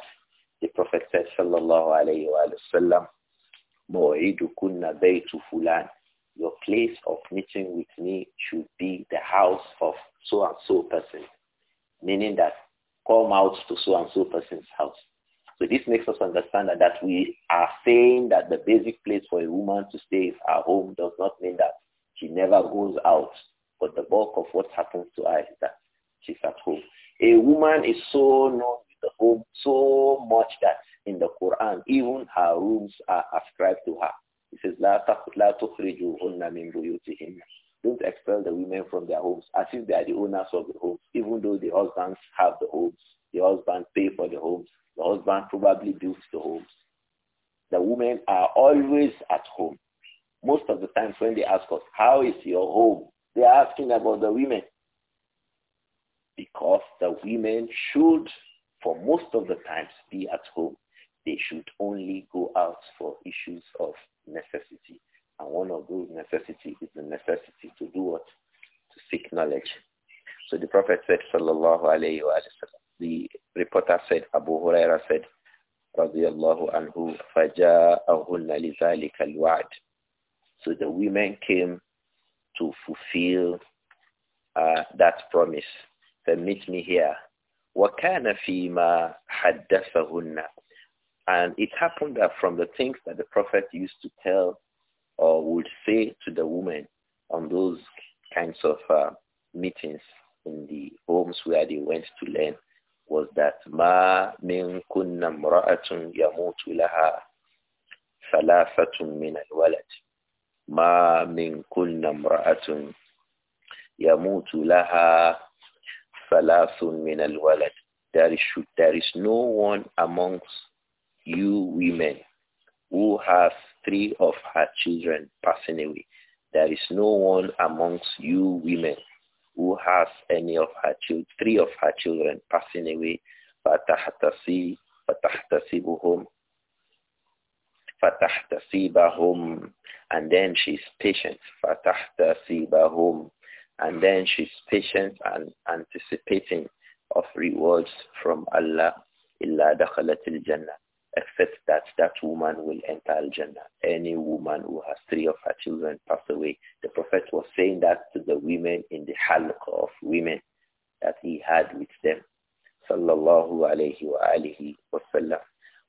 The Prophet said, Sallallahu Alaihi Wasallam, fulan. Your place of meeting with me should be the house of so and so person. Meaning that come out to so and so person's house. So this makes us understand that, that we are saying that the basic place for a woman to stay is her home does not mean that she never goes out. But the bulk of what happens to her is that she's at home. A woman is so known with the home so much that in the Quran, even her rooms are ascribed to her. It says, "La تخرجوهن من بيوتهن. Don't expel the women from their homes as if they are the owners of the homes, even though the husbands have the homes. The husband pay for the homes. The husband probably built the homes. The women are always at home. Most of the times when they ask us, how is your home? They are asking about the women because the women should, for most of the times, be at home. They should only go out for issues of necessity. And one of those necessity is the necessity to do what? To seek knowledge. So the Prophet said, Sallallahu Alaihi Wasallam, the reporter said, Abu Huraira said, Radiallahu Anhu, فَجَاءَهُنَّ لِذَلِكَ الْوَعْدِ So the women came to fulfill uh, that promise. Then meet me here. وَكَانَ فِي مَا حَدَّثَهُنَّ And it happened that from the things that the Prophet used to tell or would say to the women on those kinds of uh, meetings in the homes where they went to learn was that ma min kunna imra'atun yamutu laha thalathatun min alwalad ma min kunna imra'atun yamutu laha falasun min al-walad. There is, there is no one amongst you women who has three of her children passing away. There is no one amongst you women who has any of her children, three of her children passing away. فَتَحْتَسِي فَتَحْتَسِبُهُمْ فَتَحْتَسِبَهُمْ And then she is patient. فَتَحْتَسِبَهُمْ and then she's patient and anticipating of rewards from Allah illa dakhalatil jannah except that that woman will enter al-jannah any woman who has three of her children pass away the prophet was saying that to the women in the halqa of women that he had with them sallallahu alayhi wa alihi sallam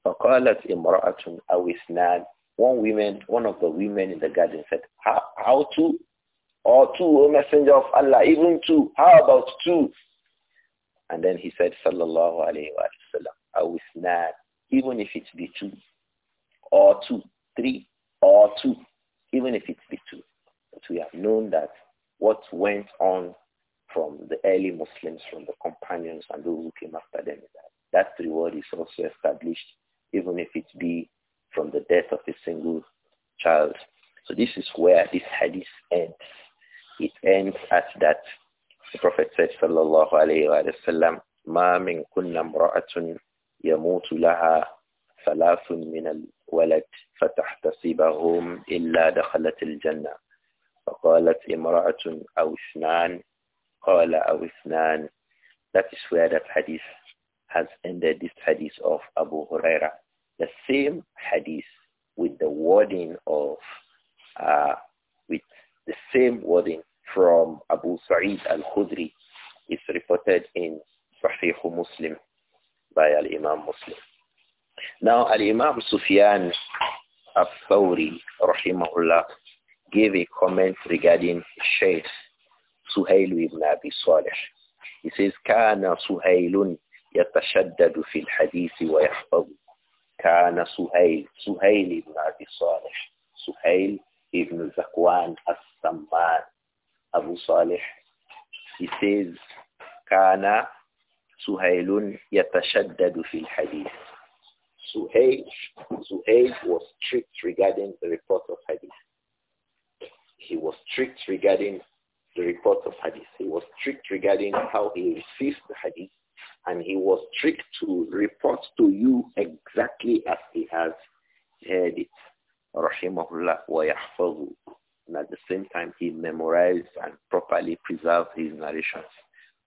فقالت امرأة أو اثنان one woman one of the women in the garden said how, how to or two, O Messenger of Allah, even two. How about two? And then he said, Sallallahu alayhi I will Awisnan, even if it be two, or two, three, or two, even if it be two. But we have known that what went on from the early Muslims, from the companions and those who came after them, that, that reward is also established, even if it be from the death of a single child. So this is where this hadith ends it ends at that. The Prophet said, sallallahu alayhi wa sallam, مَا مِنْ كُنَّ امْرَأَةٌ يَمُوتُ لَهَا ثَلَاثٌ مِنَ الْوَلَدِ فتحتسبهم إلا دخلت الجنة فقالت امرأة أو اثنان قال أو اثنان That is where that hadith has ended this hadith of Abu Huraira. The same hadith with the wording of, uh, with the same wording from Abu Sa'id al-Khudri it's reported in Sahih Muslim by Al-Imam Muslim. Now Al-Imam Sufyan al-Thawri rahimahullah gave a comment regarding Shaykh Suhail ibn Abi Salih. He says, كان سهيل يتشدد في الحديث ويحفظ كان سهيل سهيل بن أبي صالح سهيل بن زكوان السمان Abu Salih. He says, Kana Suhailun yatashaddadu fil hadith. Suhail, Suhail was strict regarding the report of hadith. He was strict regarding the report of hadith. He was strict regarding how he received the hadith and he was strict to report to you exactly as he has heard it. رحمه الله ويحفظه. And at the same time, he memorized and properly preserved his narrations.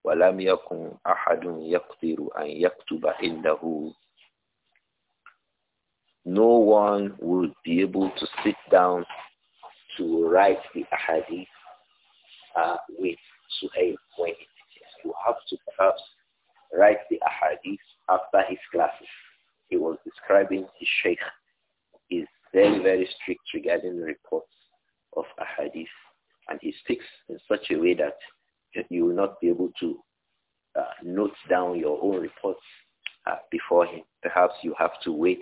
ولم يكن أحد يقدر أن يكتب عنده no one would be able to sit down to write the ahadith uh, with Suhail when it is. You have to perhaps write the ahadith after his classes. He was describing his sheikh. He's very, very strict regarding reports of ahadith. And he speaks in such a way that you will not be able to uh, note down your own reports uh, before him. Perhaps you have to wait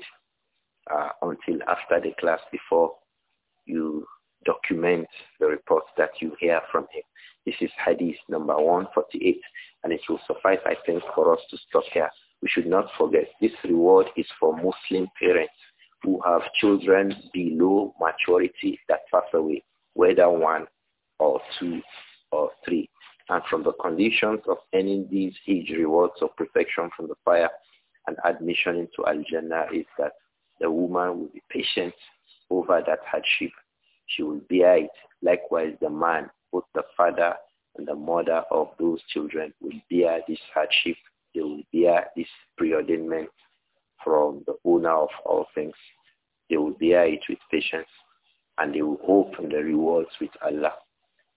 uh, until after the class before you document the reports that you hear from him. This is Hadith number 148, and it will suffice, I think, for us to stop here. We should not forget this reward is for Muslim parents who have children below maturity that pass away, whether one or two or three. And from the conditions of earning these age rewards of protection from the fire and admission into Al-Jannah is that the woman will be patient over that hardship. She will bear it. Likewise, the man, both the father and the mother of those children will bear this hardship. They will bear this preordainment from the owner of all things. They will bear it with patience and they will hope in the rewards with Allah.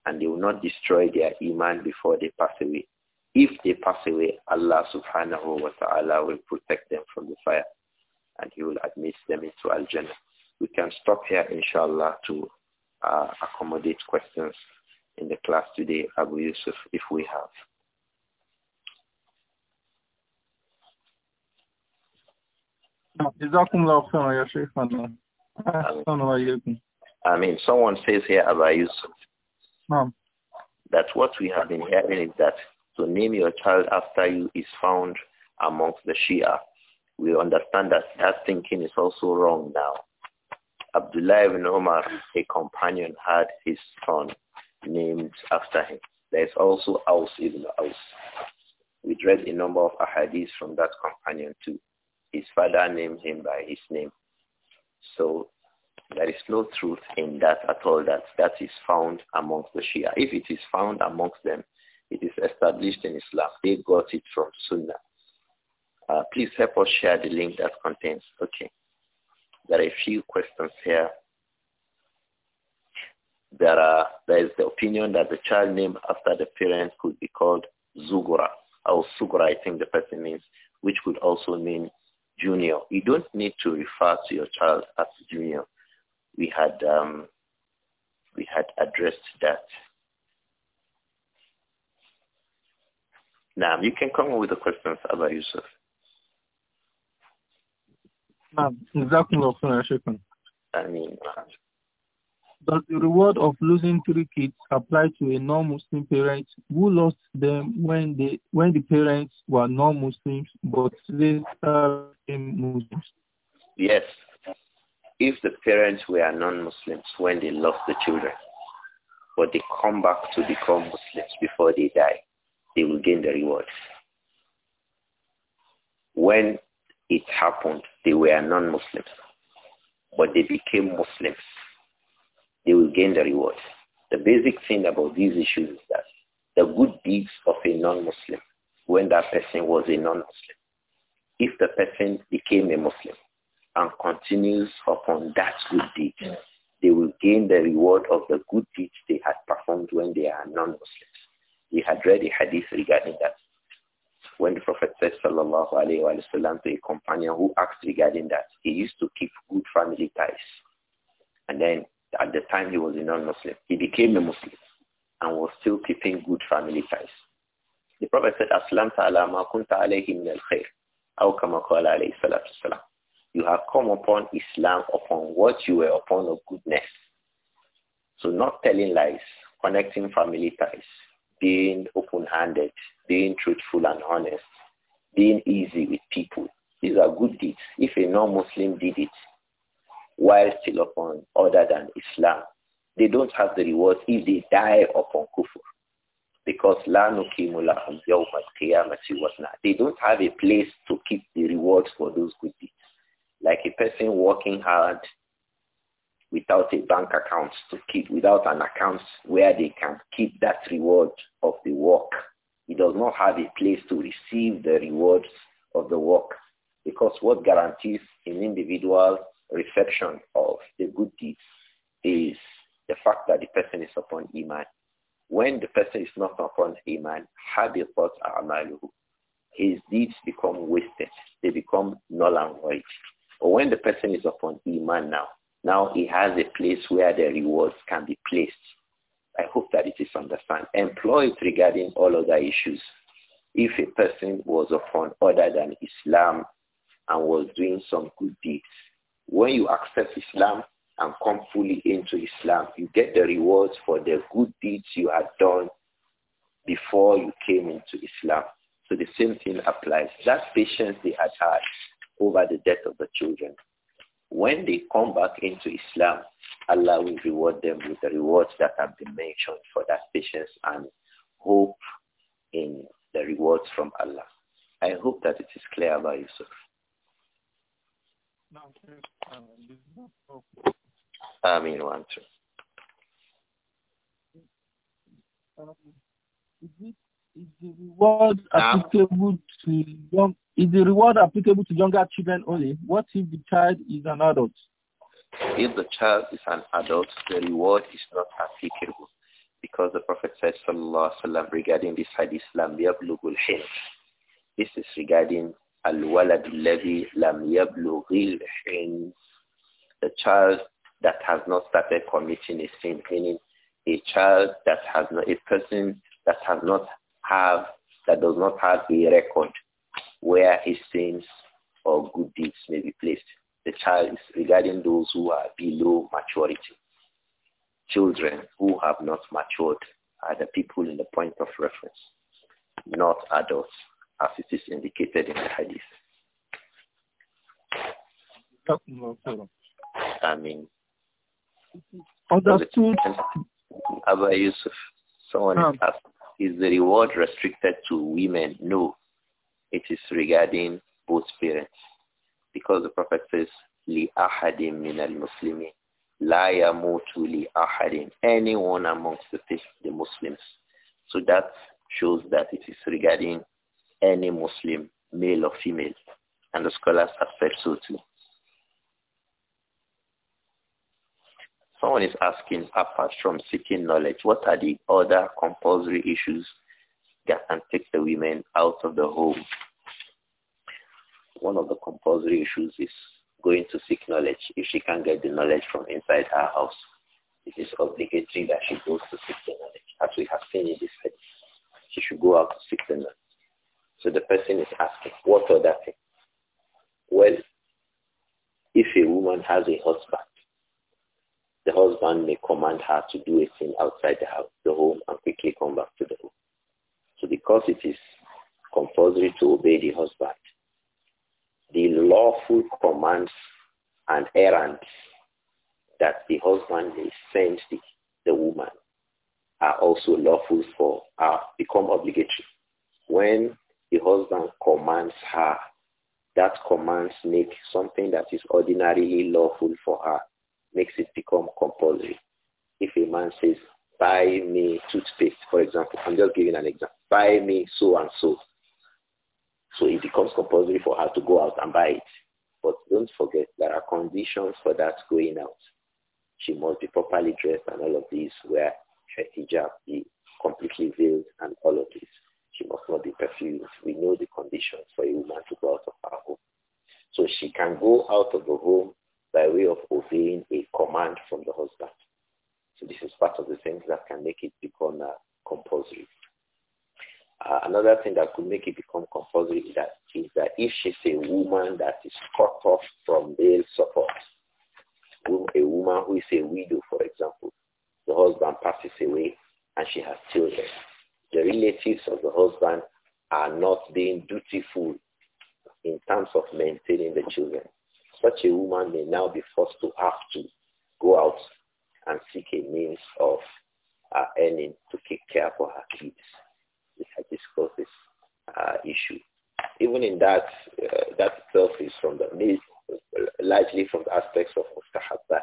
And they will not destroy their iman before they pass away. If they pass away, Allah subhanahu wa ta'ala will protect them from the fire and he will admit them into Al-Jannah. We can stop here, inshallah, to uh, accommodate questions in the class today, Abu Yusuf, if we have. جزاكم الله خيرا يا شيخنا أحسن وإياكم I mean, someone says here, Abba Yusuf, that what we have been hearing is that to name your child after you is found amongst the Shia. We understand that that thinking is also wrong now. Abdullah ibn Umar, a companion, had his son named after him. There is also Aus ibn Aus. We read a number of ahadith from that companion too his father named him by his name. So there is no truth in that at all that that is found amongst the Shia. If it is found amongst them, it is established in Islam. They got it from Sunnah. Uh, please help us share the link that contains. Okay. There are a few questions here. There, are, there is the opinion that the child named after the parent could be called Zugura or Sugura, I think the person means, which could also mean junior. You don't need to refer to your child as junior. We had um, we had addressed that. Now you can come with the questions about Yusuf. Um, I mean, does the reward of losing three kids apply to a non-Muslim parent who lost them when they when the parents were non-Muslims but later became Muslims? Yes, if the parents were non-Muslims when they lost the children, but they come back to become Muslims before they die, they will gain the reward. When it happened, they were non-Muslims, but they became Muslims they will gain the reward. The basic thing about these issues is that the good deeds of a non-Muslim, when that person was a non-Muslim, if the person became a Muslim and continues upon that good deed, they will gain the reward of the good deeds they had performed when they are non-Muslims. We had read a hadith regarding that. When the Prophet said, sallallahu alayhi wa sallam, to a companion who asked regarding that, he used to keep good family ties. And then at the time he was a non-Muslim. He became a Muslim and was still keeping good family ties. The Prophet said, Aslam ta'ala ma kunta alayhi min al-khair. salatu salam. You have come upon Islam upon what you were upon of goodness. So not telling lies, connecting family ties, being open-handed, being truthful and honest, being easy with people. These are good deeds. If a non-Muslim did it, while still upon other than Islam. They don't have the rewards if they die upon kufr. Because They don't have a place to keep the rewards for those good deeds. Like a person working hard without a bank account to keep, without an account where they can keep that reward of the work. He does not have a place to receive the rewards of the work because what guarantees an individual reception of the good deeds is the fact that the person is upon Iman. When the person is not upon Iman, habitat a'maluhu. His deeds become wasted. They become null and void. But when the person is upon Iman now, now he has a place where the rewards can be placed. I hope that it is understood. Employ it regarding all other issues. If a person was upon other than Islam and was doing some good deeds, when you accept Islam and come fully into Islam, you get the rewards for the good deeds you had done before you came into Islam. So the same thing applies. That patience they had had over the death of the children. When they come back into Islam, Allah will reward them with the rewards that have been mentioned for that patience and hope in the rewards from Allah. I hope that it is clear about Yusuf. Ameen I one is, the reward applicable to young is the reward applicable to younger children only? What if the child is an adult? If the child is an adult, the reward is not applicable because the Prophet said, sallallahu alaihi wasallam, regarding this hadith, lam yablugul This is regarding الولد الذي لم يبلغ الحين the child that has not started committing a sin, meaning a child that has not, a person that has not have, that does not have a record where his sins or good deeds may be placed. The child is regarding those who are below maturity. Children who have not matured are the people in the point of reference, not adults as it is indicated in the hadith. I mean, understood. Abu Yusuf, someone um, asked, is the reward restricted to women? No, it is regarding both parents. Because the Prophet says, li ahadim min al-muslimin. La yamutu li ahadim. Anyone amongst the, the Muslims. So that shows that it is regarding any Muslim, male or female. And the scholars have said so too. Someone is asking, apart from seeking knowledge, what are the other compulsory issues that can take the women out of the home? One of the compulsory issues is going to seek knowledge. If she can't get the knowledge from inside her house, it is obligatory that she goes to seek the knowledge, as we have seen in this case. She should go out to seek person is asking, what other thing? Well, if a woman has a husband, the husband may command her to do a thing outside the house, the home, and quickly come back to the home. So because it is compulsory to obey the husband, the lawful commands and errands that the husband may send the, the woman are also lawful for, are become obligatory. When husband commands her, that commands make something that is ordinarily lawful for her, makes it become compulsory. If a man says, buy me toothpaste, for example, I'm just giving an example, buy me so and so. So it becomes compulsory for her to go out and buy it. But don't forget, there are conditions for that going out. She must be properly dressed and all of these where her hijab be completely veiled and all of this. She must not be perfused. We know the conditions for a woman to go out of her home. So she can go out of the home by way of obeying a command from the husband. So this is part of the things that can make it become uh, compulsory. Uh, another thing that could make it become compulsory is that, is that if she's a woman that is cut off from male support, a woman who is a widow, for example, the husband passes away and she has children the relatives of the husband are not being dutiful in terms of maintaining the children. Such a woman may now be forced to have to go out and seek a means of uh, earning to take care for her kids. We have discussed this uh, issue. Even in that, uh, that itself is from the largely from the aspects of mustahabbat,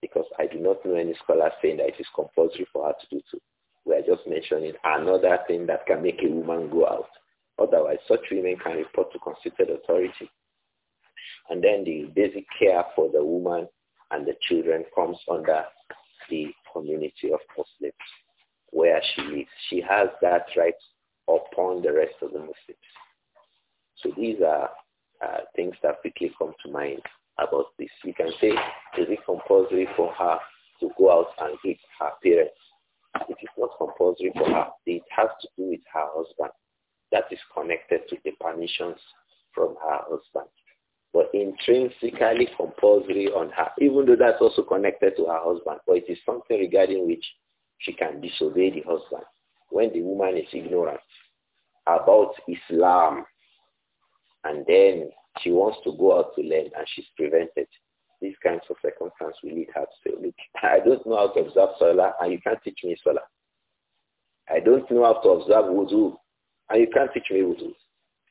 because I do not know any scholar saying that it is compulsory for her to do so we are just mentioning another thing that can make a woman go out. Otherwise, such women can report to constituted authority. And then the basic care for the woman and the children comes under the community of Muslims where she lives. She has that right upon the rest of the Muslims. So these are uh, things that quickly come to mind about this. You can say, is it compulsory for her to go out and hit her parents? it is not compulsory for her. It has to do with her husband. That is connected to the permissions from her husband. But intrinsically compulsory on her, even though that's also connected to her husband. But it is something regarding which she can disobey the husband when the woman is ignorant about Islam and then she wants to go out to learn and she's prevented these kinds of circumstances we need her to look, I don't know how to observe Salah and you can't teach me Salah. I don't know how to observe wudu and you can't teach me wudu.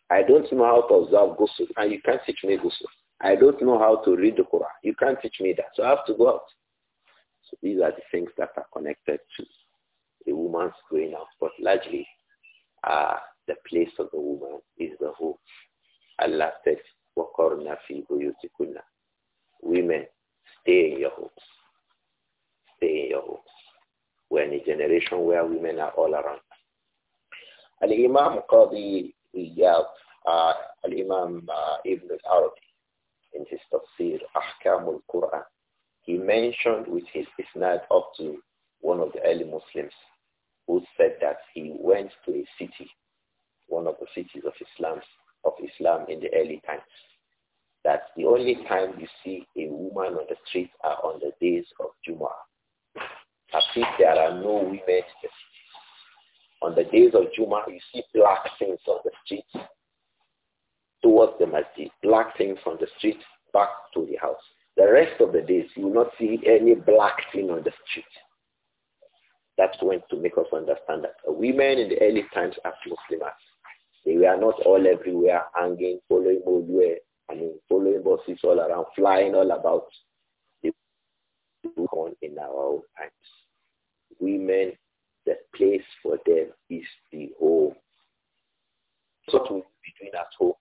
I don't know how to observe ghusl and you can't teach me ghusl. I don't know how to read the Quran. You can't teach me that. So I have to go out. So these are the things that are connected to a woman's going out. But largely, uh, the place of the woman is the home. Allah said, وَقَرْنَا فِي بُيُوتِكُنَّا women, stay in your homes. Stay in your homes. We're in a generation where women are all around. Al-Imam Qadi uh, Al-Imam uh, Ibn arabi in his tafsir, Ahkam quran he mentioned with his isnad up to one of the early Muslims who said that he went to a city, one of the cities of Islam, of Islam in the early times that the only time you see a woman on the street are on the days of Juma. I think there are no women in the On the days of Juma, you see black things on the streets. towards the masjid, black things from the street back to the house. The rest of the days, you will not see any black thing on the street. That's going to make us understand that women in the early times as Muslims, they were not all everywhere hanging, following Moluwe, and mean, following buses all around, flying all about the on in our own times. Women, the place for them is the home. So what will be doing at home?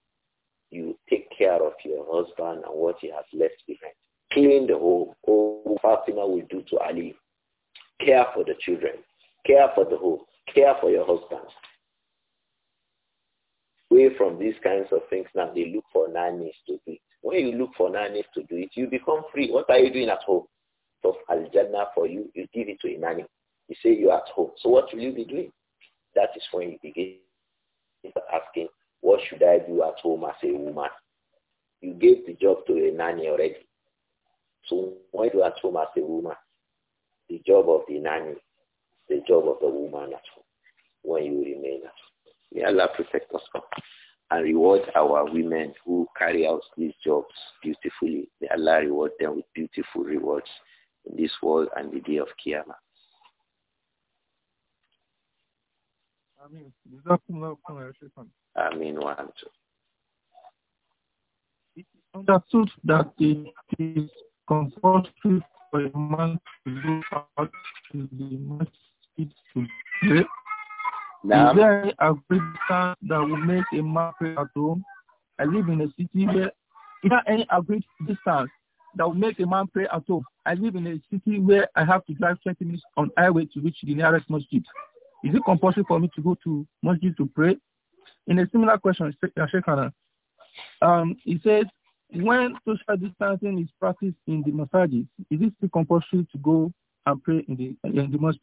You take care of your husband and what he has left behind. Clean the home. Oh, Fatima will do to Ali. Care for the children. Care for the home. Care for your husband away from these kinds of things now. They look for nannies to do it. When you look for nannies to do it, you become free. What are you doing at home? Of al for you, you give it to a nanny. You say you're at home. So what will you be doing? That is when you begin asking, what should I do at home as a woman? You gave the job to a nanny already. So when you at home as a woman, the job of the nanny, the job of the woman at home, when you remain at home. May Allah protect us all, and reward our women who carry out these jobs beautifully. May Allah reward them with beautiful rewards in this world and the day of Qiyamah. Ameen. Ameen. It is understood that it is compulsory for a man to go out to the masjid to pray now, Is there a big that will make a man pray at home? I live in a city where is there any agreed distance that will make a man pray at home? I live in a city where I have to drive 20 minutes on highway to reach the nearest mosque. Is it compulsory for me to go to mosque to pray? In a similar question, Sheikhana, uh, um, he says, when social distancing is practiced in the Masjid, is it still compulsory to go and pray in the in the mosque?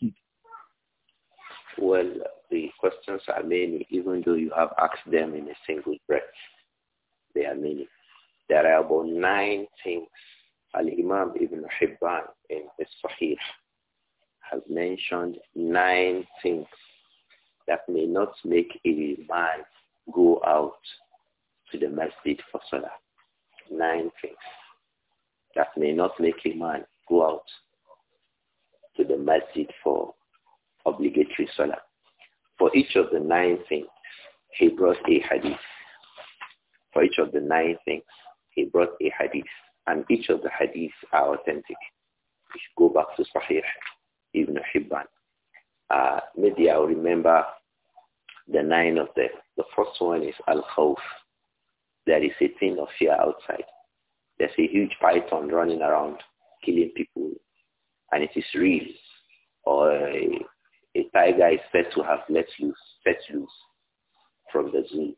Well, the questions are many, even though you have asked them in a single breath. They are many. There are about nine things Al-Imam Ibn Hibban in his Sahih has mentioned nine things that may not make a man go out to the masjid for salah. Nine things that may not make a man go out to the masjid for obligatory salah. For each of the nine things, he brought a hadith. For each of the nine things, he brought a hadith. And each of the hadiths are authentic. We should go back to Sahih Ibn Hibban. Uh, maybe I'll remember the nine of them. The first one is Al-Khawf. There is a thing of fear outside. There's a huge python running around killing people and it is real or a tiger is said to have let loose, set loose from the zoo.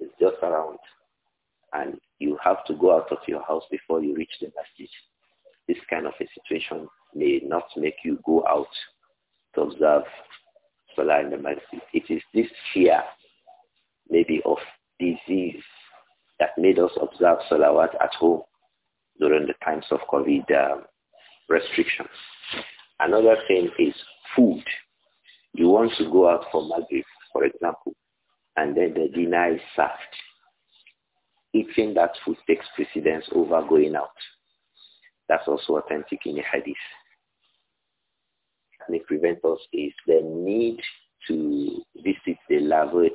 It's just around. And you have to go out of your house before you reach the masjid. This kind of a situation may not make you go out to observe Salah in the masjid. It is this fear, maybe of disease, that made us observe Salawat at home during the times of COVID um, restrictions. Another thing is food. You want to go out for Maghrib, for example, and then the dinner is served. Eating that food takes precedence over going out. That's also authentic in the hadith. And it prevents us is the need to visit the lavatory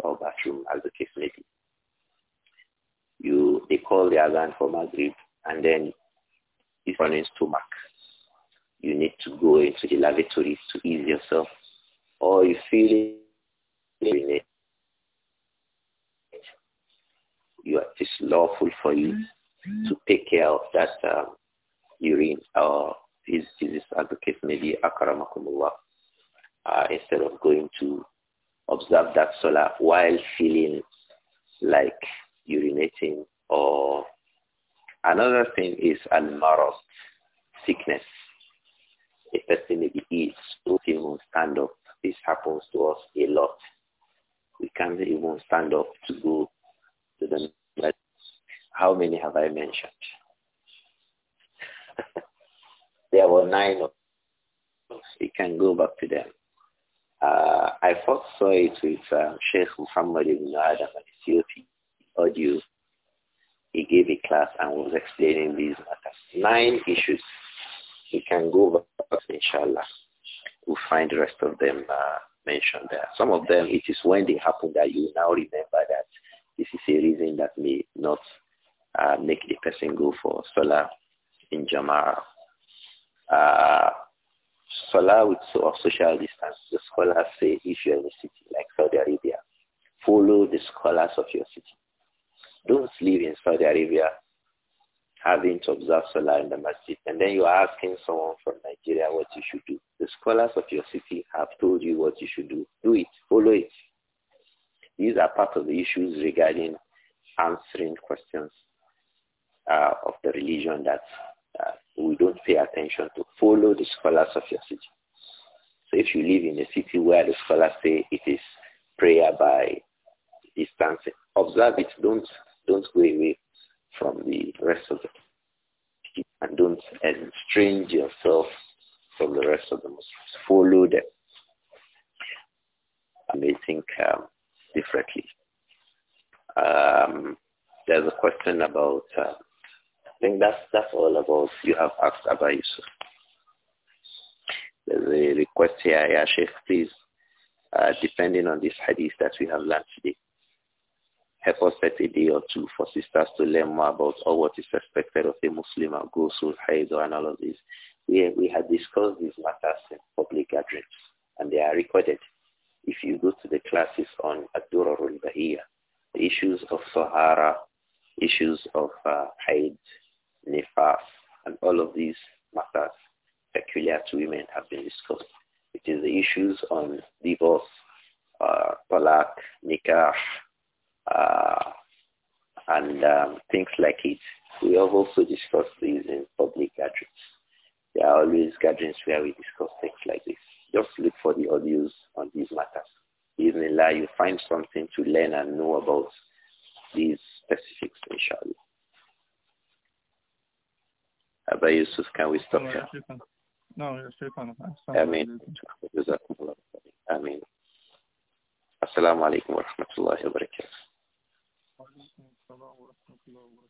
or bathroom as the case may be. You, they call the Adhan for Maghrib and then it runs to max you need to go into the lavatories to ease yourself, or you feel it, you are, it's lawful for you mm -hmm. to mm-hmm. take care of that um, urine or his disease advocate maybe akaramakumullah, uh, instead of going to observe that solar while feeling like urinating or another thing is al-marad, sickness a person maybe is, don't even stand up. This happens to us a lot. We can't even stand up to go to the next. How many have I mentioned? there were nine of us. We can go back to them. Uh, I first saw it with uh, Sheikh Muhammad ibn Adam audio. He gave a class and was explaining these matters. Nine issues you can go back, inshallah. we find the rest of them uh, mentioned there. Some of them, it is when they happen that you now remember that this is a reason that may not uh, make the person go for Salah in Jama'ah. Uh, Salah with so, social distance, the scholars say if you're in a city like Saudi Arabia, follow the scholars of your city. Don't live in Saudi Arabia having to observe Salah in the masjid. And then you are asking someone from Nigeria what you should do. The scholars of your city have told you what you should do. Do it. Follow it. These are part of the issues regarding answering questions uh, of the religion that uh, we don't pay attention to. Follow the scholars of your city. So if you live in a city where the scholars say it is prayer by distancing, observe it. Don't don't go away from the rest of the and don't estrange yourself from the rest of the Muslims. Follow them. And they think um, differently. Um, there's a question about, uh, I think that's, that's all about, you have asked about Yusuf. There's a request here, yeah, Sheikh, please, uh, depending on this hadith that we have learned today, help us set a day or two for sisters to learn more about all what is expected of a Muslim and go through all of We, we had discussed these matters in public gatherings and they are recorded. If you go to the classes on Adura Bahia, the issues of Sahara, issues of uh, Nifas, and all of these matters peculiar to women have been discussed. It is the issues on divorce, uh, nikah, uh, and um, things like it. We have also discussed these in public gatherings. There are always gatherings where we discuss things like this. Just look for the audios on these matters. Even in Allah, you find something to learn and know about these specifics, inshallah. Abba Yusuf, can we stop here? No, you're still fine. I mean, I mean, Assalamu alaikum wa rahmatullahi wa barakatuh. 好嘞，小王哥，辛苦了。